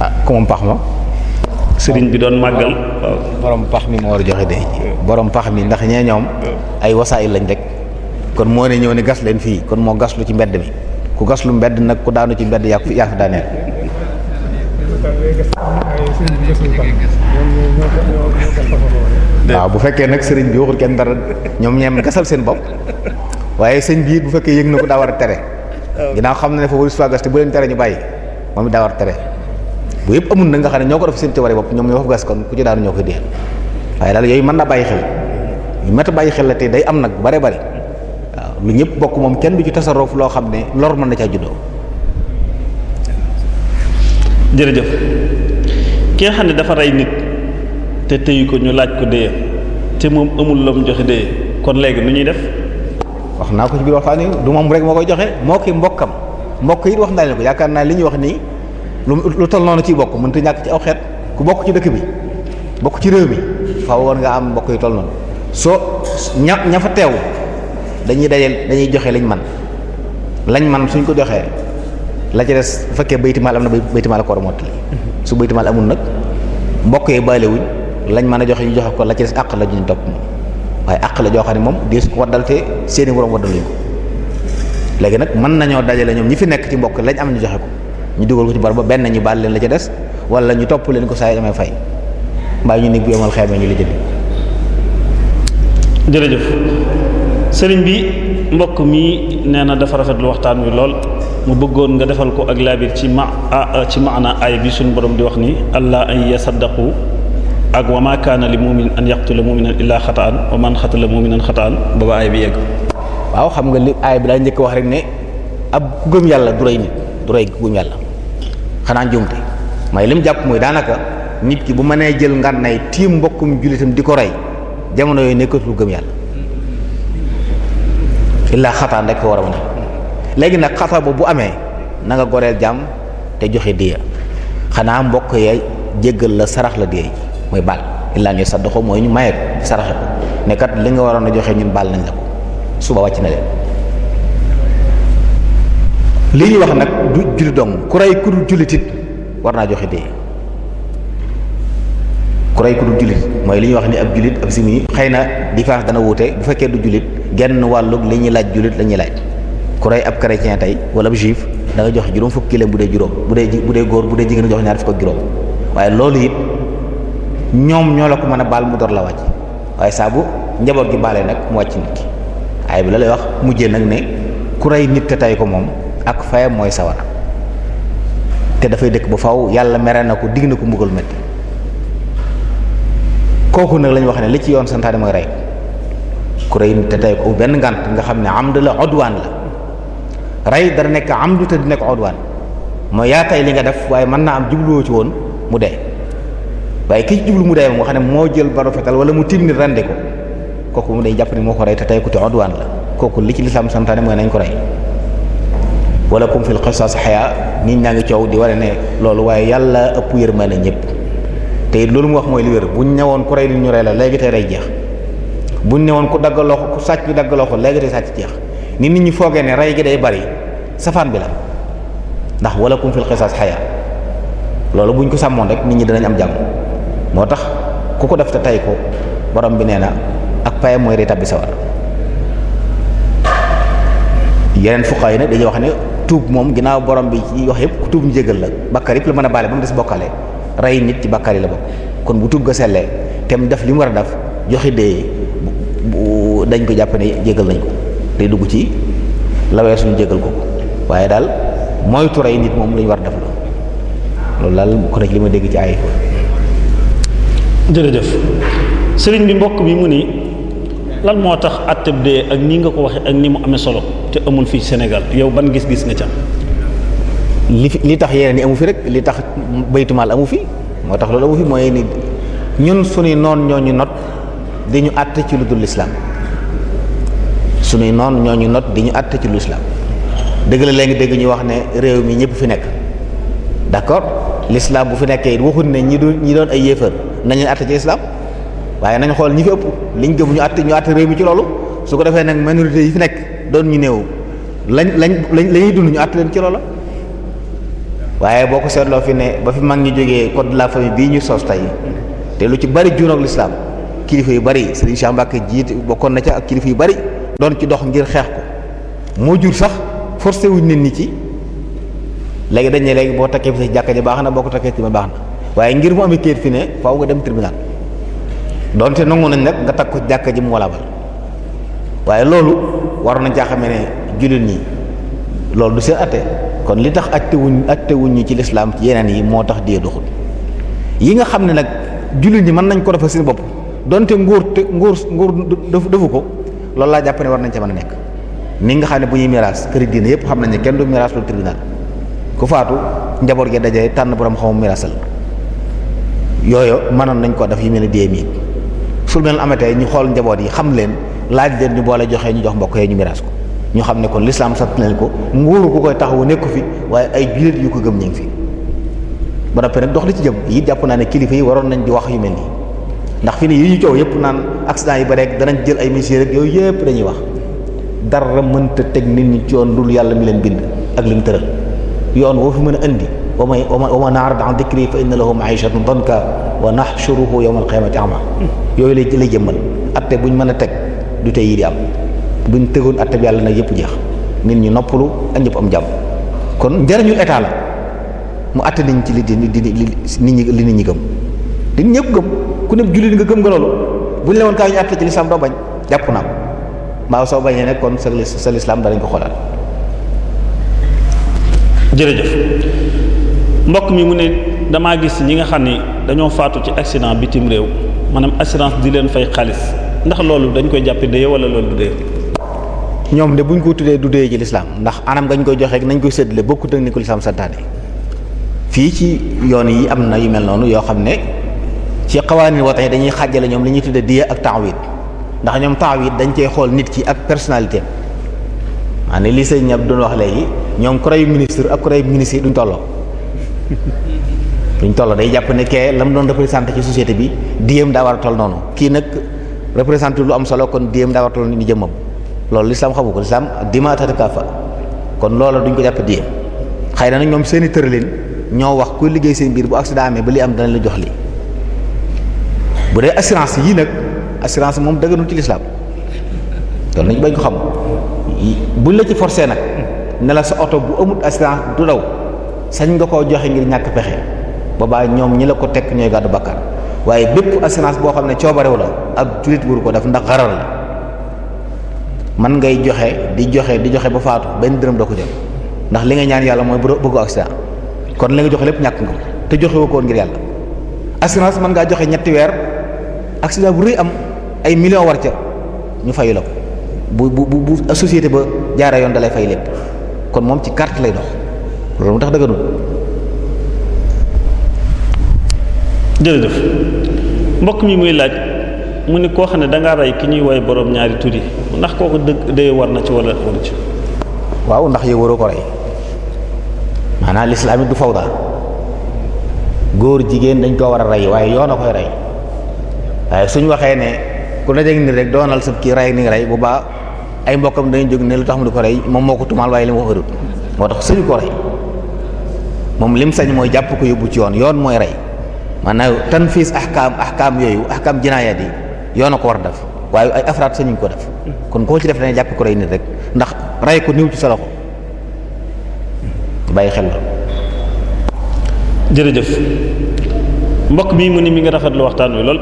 ah ku pax ma sëriñ bi doon màggal borom pax mi moo war a joxe de borom pax mi ndax ñee ñoom. ay wasaayil lañ rek. kon moo ne ñëw ne gas leen fii kon moo gas lu ci mbedd mi ku gas lu mbedd nag ku daanu ci mbedd yaa fi yaa daaneel. waaw bu fekkee nag sëriñ bi waxul kenn dara ñoom ñeem gasal seen bopp waaye sëñ bi bu fekkee yëg na ko daa war a tere. ginnaaw xam na ne foofu risque gas te bu leen tere ñu bàyyi moom it daa war a tere. boo yëpp amul na nga xam ne ñoo ko def seen ci waree bopp ñoom ñoo faf gas kon ku ci daanu ñoo koy dee waaye daal yooyu mën na bàyyi xel yu bàyyi xel la te day am nag bu bare bare waaw bokk moom kenn du ci tasaroof loo xam ne lor mën na caa juddoo ki nga xam ne dafa rey nit te tëyu ko ñu laaj ko dee te moom amul la mu joxe kon léegi nu ñuy def wax naa ko ci biir waxtaan yi du moom rek moo koy joxe moo koy mbokkam mbokk yi wax naa leen ko yaakaar naa li ñuy wax nii lu tol noonu ciy bokk mënut a ñàkk ci aw ku bokk ci dëkk bi bokk ci réew mi faaw war nga am mbokk yu tol noonu soo ña ña fa teew dañuy dajeel dañuy joxe lañ man lañ man suñ ko joxee la ci des bu fekkee baytimaal am na baytimaal ko war a su baytimaal amul nag mbokk yi baalewuñ lañ mën a joxe ñu joxe ko la ci des àq la ñu topp waaye àq la joo xam ne moom dees ko waddal te seeni borom waddaluñ ko léegi nag mën nañoo dajale ñoom ñi fi nekk ci mbokk lañ am ñu joxe ko ñu dugal ko ci bor ba benn ñu baal leen la ca des wala ñu topp leen ko saa yi damay fay mbaa ñu nekk bu yomal xeemee ñu la jënd. jërëjëf sëriñ bi mbokk mi nee na dafa rafetlu waxtaan wi lool mu bëggoon nga defal ko ak laabir ci ma ci maana ay bi suñu borom di wax ni allah ay yasaddaqu ak wa ma kaana li mu'min an yaqtula mu'minan illa xataan wa man xatala mu'minan xataan baba bi yegg waaw xam nga li aay bi daa njëkk wax rek ne ab ku yàlla du rey nit du xanaa njuumte may lim jàpp mooy daanaka nit ki bu mënee jël ngànnaay tiim mbokkum jullitam di ko rey jamono yooyu nekkatul gëm yàlla illaa xataan rek ko war a mën léegi nag xataa boobu bu amee nanga nga goreel jàmm te joxe diya xanaa mbokk yee jéggal la sarax la diya ji mooy baal illaa ñu saddoxo mooy ñu maye saraxe ko ne li nga waroon a joxe ñun baal nañ la ko suba wàcc na leen li ñu wax nag du jullit dong ku rey ku dul jullit it war naa joxe dee ku rey ku dul jullit mooy li ñuy wax ni ab jullit ab simi xëy na di différence dana wuute bu fekkee du jullit genn wàllug li ñuy laaj jullit la ñuy laaj ku rey ab chrétien tey wala ab juif da nga joxe juróom fukki bu dee juróom bu dee bu dee góor bu dee jigéen nga jox ñaar fukk ak waaye loolu it ñoom ñoo la ko mën a baal mu door la wàcc waaye saabu njaboot gi baale nag mu wàcc nit ki ay bi la lay wax mujjee nag ne ku rey nit te tay ko moom ak fayam mooy sawar te dafay dëkk ba faw yàlla mere na ko digg na ko mbugal metti kooku nag lañu wax ne li ci yoon santaane mooy rey ku rey te tey ko benn ngànt nga xam ne amd la odwaan la rey dara nekk amdu te di nekk odwaan mooy yaa tey li nga def waaye mën naa am ci woon mu dee waaye ki ci jublu mu dee moom nga xam ne moo jël baro fetal wala mu tim ni rendi ko kooku mu day jàpp ne moo ko rey te tey ko te odwaan la kooku li ci lislaam santaane mooy nañ ko rey wala kum fil qisas xayaa nit ñaa ngi coow di wane ne loolu waaye yàlla ëpp yërmande ñëpp te loolu mu wax mooy li wér buñ ñëwoon ku rey li ñu rey la lay tey rey jeex buñ ñëwoon ku dagg loxo ku sàcc bi daggaloo ko léegi tey sàcc jeex ni nit ñi foogee ne rey gi day bari safaan bi la ndax wala kum fil qisas xayaa loolu buñ ko sàmmoon rek nit ñi danañ am jàmm moo tax ku ko def te tay ko borom bi nee na ak payam mooy rey tàbbi sawar yeneen tuub moom ginnaaw borom bi ci wax yëpp ku tuub ñu jégal la bakkar yëpp la mën a baale ba mu des bokkale rey nit ci bakkar yi la bokk kon bu tuub ga sellee te mu def li mu war a def joxe dee dañ ko jàpp ne jégal ko day dugg ci la weesu ñu jégal ko ko waaye daal moytu rey nit moom la war a def la loolu daal li ma dégg ci ay jërëjëf sëriñ bi mbokk bi mu ni lan moo tax àtteb dee ak nii nga ko waxee ak ni mu amee solo te amul fii Sénégal yow ban gis-gis nga ci am li fi li tax yeneen ni amu fi rek li tax baytumaal amu fi moo tax loolu amu fi moo ni ñun suñuy noon ñoo ñu not di ñu àtt ci lu dul lislaam suñuy noon ñoo ñu not di ñu ci lu lislaam dëgg la léegi dégg ñu wax ne réew mi ñëpp fi nekk d'accord lislaam bu fi nekkee waxut ne ñi du ñi doon ay yéefar nañ leen àtt waaye nañ xool ñi fi ëpp liñ gëm ñu ñu àtt réew ci loolu su ko defee nag minorité yi fi nekk doon ñu new lañ lañ lañ la ñuy dund ñu àtt leen ci loola waaye boo ko seetloo fi ne ba fi mag ñi jógee code de la famille bii ñu sos tey te lu ci bari juunoog lislaam kilifa yu bari Serigne Cheikh jiit bokkoon na ca ak kilifa yu bari doon ci dox ngir xeex ko moo jur sax forcé wuñ nit ñi ci léegi dañ ne boo takkee fi sa jàkka ji baax na boo ko takkee ci ma baax na waaye ngir mu amee kayit fi ne faaw nga dem tribunal donte nangu nañ nag nga takk ko jàkka ji mu walabal waaye waroon nañ caa xamee ne jullit ñi loolu du seen atte kon li tax atte wuñ atte wuñ ñi ci lislaam ci yeneen yi moo tax dee doxul nga xam ne nag jullit ñi mën nañ ko defal seen bopp donte nguur te nguur nguur defu ko loolu laa jàpp ne war nañ ca mën a nekk ni nga xam ne bu ñuy miraas këri diine yëpp xam nañ ne kenn du miraas lu tribunal ku faatu njaboot gi daje tànn borom xamu miraasal yooyu mënoon nañ ko def yu mel ne dee mii su mel amatee ñu xool njaboot yi xam leen laaj leen ñu boole joxee ñu jox mbokk yee ñu miraas ko ñu xam ne kon lislaam sant nañ ko nguuru ku koy wu nekku fi waaye ay jullit yu ko gëm ñu ngi fi ba noppi nag dox li ci jëm yi jàpp naa ne kilifa yi waroon nañ di wax yu mel nii ndax fi ne ñu coow yëpp naan accident yi ba rek danañ jël ay mesures rek yooyu yëpp dañuy wax dara mënta teg nit ñi ci yoon dul yàlla mi leen bind ak li mu tëral yoon woo fi mën a indi wa may wa man arada an dikri fa inna lahu maishatan danka wa nahshuruhu yawma alqiyamati ama yooyu lay lay jëmmal atte buñ mën a teg du tey yi di am buñ tëgoon attab yàlla nag yëpp jeex nit ñi noppalu ak ñëpp am jàmm kon njariñu état la mu àtte nañ ci li di di li nit ñi li nit ñi gëm li ñëpp gëm ku ne jullit nga gëm nga loolu bu la woon kaa ñu àtte ci lislaam doo bañ jàpp naa ko mbaaw soo bañee nag kon sa sa lislaam danañ ko xoolaat jërëjëf mbokk mi mu ne damaa gis ñi nga xam ne dañoo faatu ci accident bitim réew maanaam assurance di leen fay xaalis ndax loolu dañ koy jàppe dee wala loolu du dee ñoom de buñ ko tuddee du dee ci lislaam ndax anam gañ koy joxe nañ koy séddale bokkut ak ni ko lislaam santaane fii ci yoon yi am na yu mel noonu yoo xam ne ci xawaani watax dañuy xàjjale ñoom li ñuy tuddee diya ak taawid ndax ñoom taawid dañ cey xool nit ki ak personnalité am li sëñ ñab doon wax léegi ñoom kuréelu ministre ak kuréelu ministre yi duñ tolloo duñ tolloo day jàpp ne kee la mu doon représenté ci société bi diyam daa war a noonu représenté lu am solo kon diem daa wartaloon ni jëmmam loolu lislaam xamu ko lislaam dima tatakafa kon loola duñ ko jàpp diem xëy na nag ñoom seeni tëralin ñoo wax kuy liggéey seen biir bu accident amee ba li am danañ la jox li bu dee assurance yii nag assurance moom dëgganul ci lislaam loolu nañu bañ ko xam buñ la ci forcé nag ne sa oto bu amut assurance du daw sañ nga koo joxe ngir ñàkk pexe boobaa ñoom ñi la ko tekk ñooy gàddu bakkan waaye bépp assurance boo xam ne coobarew la ab jullit wuru ko def ndax xarar la man ngay joxe di joxe di joxe ba faatu benn dërëm doo ko jël ndax li ngay ñaan yàlla mooy bu bëggu accident kon li nga joxe lépp ñàkk nga te joxe woo ko woon ngir yàlla assurance mën ngaa joxe ñetti weer accident bu rëy am ay million war ca ñu fayu la ko bu bu bu société ba jaare yoon dalay fay lépp kon moom ci carte lay dox loolu mu tax dëgganul jërëjëf mbokk mi muy laaj mu ni koo xam ne da rey ki ñuy woy boroom ñaari tur yi ndax kooku dëgg dëye war na ci wala waaw ndax yow waroo ko rey maanaam lislaam du du fawda góor jigéen dañ koo war a rey waaye yoon a koy rey waaye suñ waxee ne ku la jeg ni rek doonal sëb kii rey ni rey bu baa ay mbokkam dañu jóg ne lu tax mu di ko rey moom moo ko tumaal waaye li mu ko wérut moo tax suñu ko rey moom lim sañ mooy jàpp ko yóbbu ci yoon yoon mooy rey. tan fiis ahkaam ahkaam yooyu ahkaam jinaayaat yi yoon a ko war def waaye ay afraad sañuñ ko def kon koo ci def dañuy jàpp ko rey nit rek ndax rey ko niw ci sa loxo bàyyi xel la jërëjëf mbokk mii mu ni mi ngi rafetlu waxtaan wi lool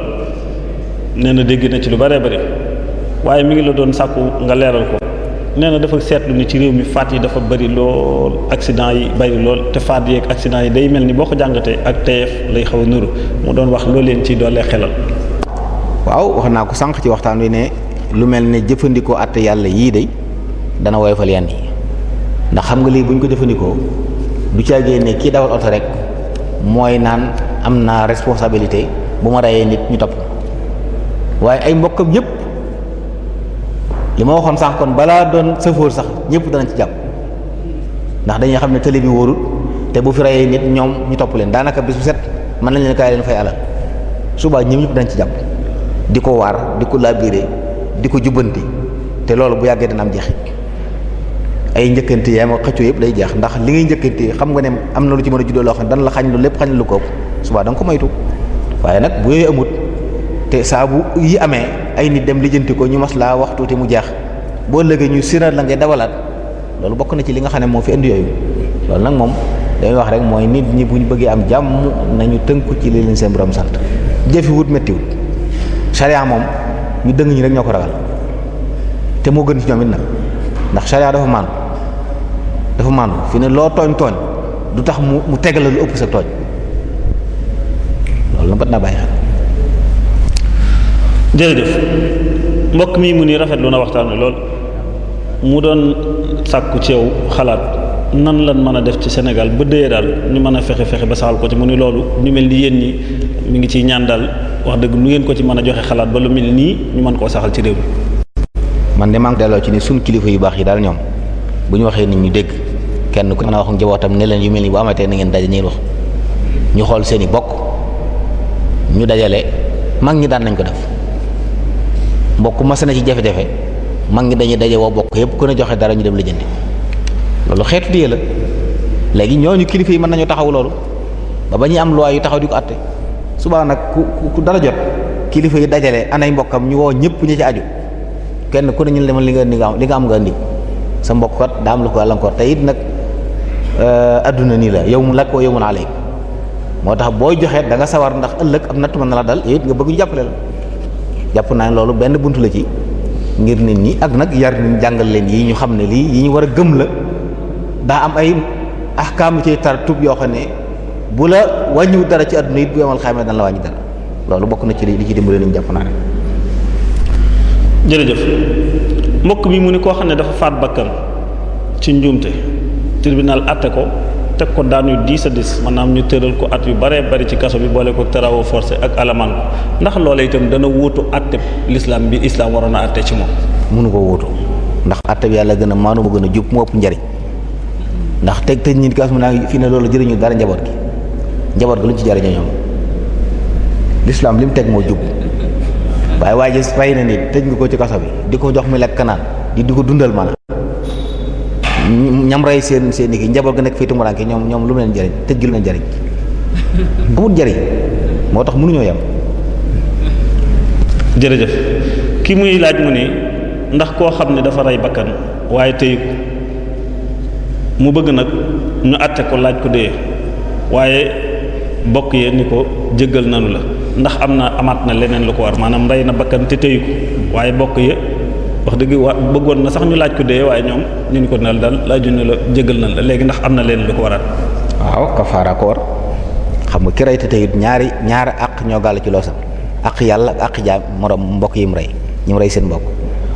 nee na dégg na ci lu bëree bari waaye mu ngi la doon sàkku nga leeral ko nee na dafa seetlu ni ci réew mi faat yi dafa bëri lool accident yi bari lool te faat yi ak accident yi day mel ni boo ko jàngatee ak teyef lay xaw a nuru mu doon wax loo leen ci doolee xelal. waaw wax naa ko sànq ci waxtaan wi ne lu mel ne jëfandikoo àtte yàlla yii de dana woyofal yenn yi ndax xam nga lii bu ñu ko jëfandikoo du caagee ne kii dawal oto rek mooy naan am na responsabilité bu ma reyee nit ñu topp waaye ay mbokkam yëpp. li ma waxoon sànq kon balaa doon sëfoor sax ñëpp danañ ci jàpp ndax dañuy xam ne télé bi wóorul te bu fi rayee nit ñoom ñu topp leen daanaka bis bu set mën nañ leen kaay leen fay alal subaa ñëpp ñëpp ci jàpp di ko waar di ko labiré di ko jubbanti te loolu bu yàggee dana am jeexit ay njëkkante yaa ma xëccoo yëpp day jeex ndax li ngay njëkkante xam nga ne am na lu ci mën a juddoo loo xam ne dana la xañ lu lépp xañ lu ko subaa da ko moytu waaye nag bu yooyu te saa bu yi amee ay nit dem lijjanti ko ñu mas laa wax tuuti mu jeex boo lëgee ñu siral la ngay dawalaat loolu bokk na ci li nga xam ne moo fi indi yooyu loolu nag moom dañuy wax rek mooy nit ñi bu ñu bëggee am jàmm nañu tënku ci li leen seen borom sant jëfi wut méttiwut charia moom ñu dëng ñi rek ñoo ko ragal te moo gën ci ñoom nag ndax charia dafa maandu dafa maandu fi ne loo tooñ tooñ du tax mu mu tegal la lu ëpp sa tooñ loolu la mbat naa bàyyi jërëjëf mbokk mi mu ni rafetlu na waxtaan wi lool mu doon sàkku ci yow xalaat nan lan mën a def ci senegal ba dëyee daal ñu mën a fexe fexe ba saxal ko ci mu ni loolu ñu mel ni yéen ñi mu ngi ciy ñaan daal wax dëgg lu ngeen ko ci mën a joxe xalaat ba lu mel nii ñu mën koo saxal ci réew mi man de maa ngi ci ni sunu kilifa yu baax yi daal ñoom bu ñu waxee nit ñu dégg kenn ku mën a wax njabootam ne leen yu mel ni bu amatee na ngeen daje ñeen wax ñu xool seen i bokk ñu dajale mag ñi daan nañ ko def mbokk mas na ci jafe-jafe mag ngi dañuy daje woo bokk yëpp ku a joxe dara ñu dem lijjanti loolu xeetu dee la léegi ñooñu kilifa yi mën nañu taxaw loolu ba ba ñuy am loi yu taxaw di ko àtte subaa nag ku ku dara jot kilifa yi dajale anay mbokkam ñu woo ñëpp ñu ci aju kenn ku ne ñu demal li nga indi nga am li nga am nga indi sa mbokk kat daa am lu ko àllankoor te it nag euh, adduna nii la yow mu lakk yow mu naa moo tax booy joxee da nga sawar ndax ëllëg am natt mën dal yow nga bëgg ñu jàpp naa loolu benn buntu la ci ngir nit ñi ak nag yar ñu jàngal leen yi ñu xam ne lii yi ñu war a gëm la daa am ay ahkaam ci tartub yoo xam ne bu la wàññiwu dara ci àdduna it bu yemal xayma dana la wàññi dara loolu bokk na ci li ci dimbali nañ jàpp naa ne. mbokk mi mu ni koo xam ne dafa faat bakkan ci njuumte tribunal àtte ko. teg ko daan yu diis a man maanaam ñu tëral ko at yu baree bari ci kaso bi boole ko travaux forcés ak alamaan ko ndax loola itam dana wóotu àtteb lislaam bi islaam waroon a àtte mënu ko wóotu ndax àtteb yàlla gën a maanu ma gën a jub mu njariñ ndax teg tëj ñi kaso bi naa fii ne jëriñu dara njaboot gi njaboot gi lu ñu ci jariñoo ñoom lislaam li mu teg moo jub waaye waaye ji rey na nit tëj nga ko ci kaso bi di ko jox mu lekk naan di di ko dundal maanaam ñam rey seen seen i kii njaboot ga nekk fii tumuraanke ñoom ñoom lu mu leen jëriñ tëj gi lu leen jëriñ amul jëriñ moo tax mënuñoo yam jërëjëf kii muy laaj mu ni ndax koo xam ne dafa rey bakkan waaye tey mu bëgg nag ñu àtte ko laaj ko dee waaye bokk yee ni ko jëggal nanu la ndax am na amaat na leneen lu ko war maanaam rey na bakkan te tëyu waaye bokk ya wax dëgg wa bëggoon na sax ñu laaj ko dee waaye ñoom ñu ni ko nal daal laaju ne la jégal na la léegi ndax am na leen lu ko waral waaw kafaara ko war xam nga ki rey te teyit ñaari ñaari àq ñoo gàll ci loosam àq yàlla ak àq jaam moroom mbokk yi mu rey ñi mu rey seen mbokk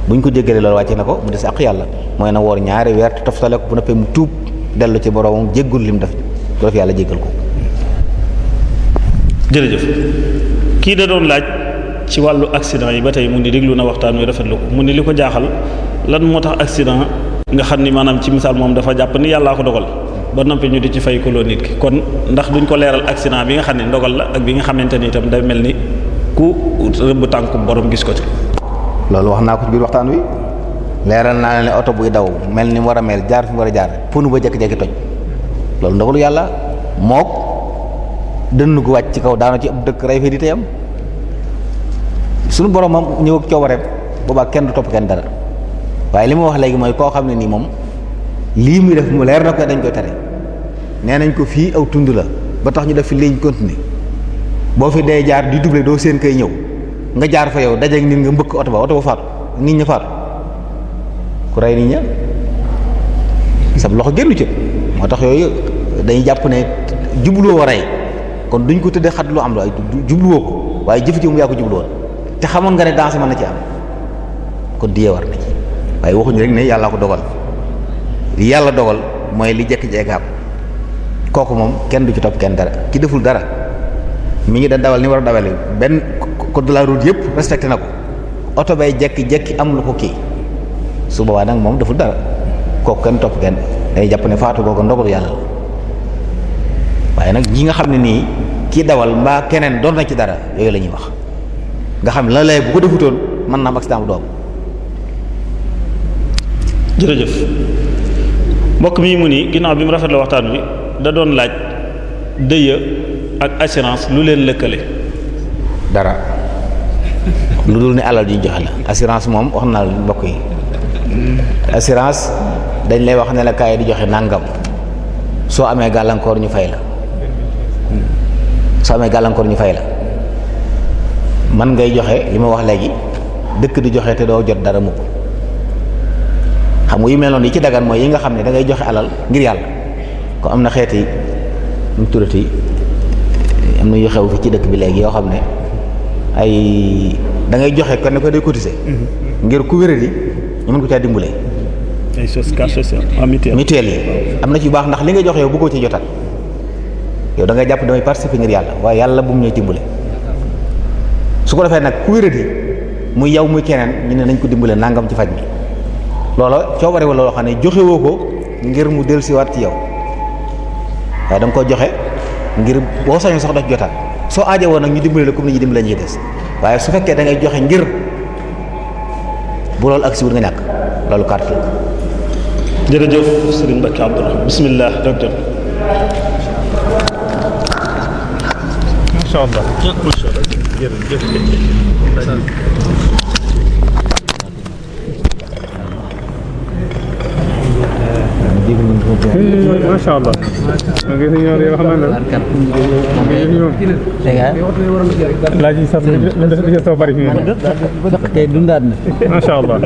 bu ñu ko jéggalee loolu wàcce na ko mu des àq yàlla mooy na woor ñaari weer te toftale ko bu noppee mu tuub dellu ci boroomam jéggul lim def def yàlla jéggal ko jërëjëf kii da ci wàllu accident yi ba tey mu ni déglu na waxtaan wi rafetlu ko mu ni li ko jaaxal lan moo tax accident nga xam ni maanaam ci misaal moom dafa jàpp ni yàllaa ko dogal ba noppi ñu di ci fay koloo nit ki kon ndax duñ ko leeral accident bi nga xam ne ndogal la ak bi nga xamante ni itam day mel ni ku rëbb tànku borom gis ko ci. loolu wax naa ko ci biir waxtaan wi leeral naa ne oto buy daw mel ni war a mel jaar fi war a jaar punu ba jékki-jékki toj loolu ndogalu yàlla mook dënn gu wàcc ci kaw daano ci ab dëkk rey fii di tey suñu boromam ñëw ak coobareem boobaa kenn du topp kenn dara waaye li ma wax léegi mooy koo xam ne nii moom lii muy def mu leer na ko dañ koy tere nee nañ ko fii aw tund la ba tax ñu def fi ligne continue boo fi dee jaar di doublé doo seen kay ñëw nga jaar fa yow dajeeg nit nga mbëkk oto ba oto ba faatu nit ña sab loxo génnu ci moo tax yooyu dañ jàpp ne jubluwoo rey kon duñ ko tëddee xat lu am la jubluwoo waaye jëf ji mu yaa ko te xamoon nga ne danse mën na ci am kon diyee war na ci waaye waxuñu rek ne yàllaa ko dogal li yàlla dogal mooy li jekk jekk am kooku moom kenn du ci topp kenn dara ki deful dara mu ngi da dawal ni war a dawale benn ko de la route na ko oto bay jekki-jekki am lu ko kii su boobaa nag moom deful dara kooku kenn topp kenn day jàpp ne faatu googu ndogalu yàlla la waaye nag ji nga xam ne nii kii dawal mbaa keneen doon na ci dara yooyu la wax nga xam ne la lay bu ko defutoon mën naa am accident bu doom mbokk mi mu ni ginnaaw bi mu rafet la waxtaan wi da doon laaj dëya ak assurance lu leen lëkkale dara lu dul ne alal ju joxe la assurance moom wax naa la mbokk yi assurance dañ lay wax ne la kaay di joxe nàngam soo amee gàllankoor ñu fay la hmm. soo amee gàllankoor ñu fay la man ngay joxe li ma wax léegi dëkk di joxe te doo jot dara mukk xam nga yu mel noonu yi ci dagan mooy yi nga xam ne da ngay joxe alal ngir yàlla ko am na xeeti mu turati am na yu ci dëkk bi léegi yoo xam ne ay da ngay joxe kon ne ko day cotiser mm-hmm. ngir ku wéradi ñu ko caa dimbale. ay mutuelle yi am na ci baax ndax li nga joxe yow bu ko ci jotaat yow da ngay jàpp damay participer ngir yàlla waaye yàlla bu mu ñuy dimbale su ko defee nag ku wéradi muy yow muy keneen ñu ne nañ ko dimbale nangam ci faj bi loola coobare wala woo xam ne joxewoo ko ngir mu dellusiwaat ci yow waaye da ko joxe ngir boo sañu sax daf jotaat soo aajowoo nag ñu dimbale la comme ni ñu dimbale ñuy des waaye su fekkee da ngay joxe ngir bu loolu ak si wut nga ñàkk loolu carte la. jërëjëf Serigne jërëjëf macha allah. ma ngi nuyu yow xam naa ne. laaj yi sax li ci soo bari. kay dundaat na. macha allah.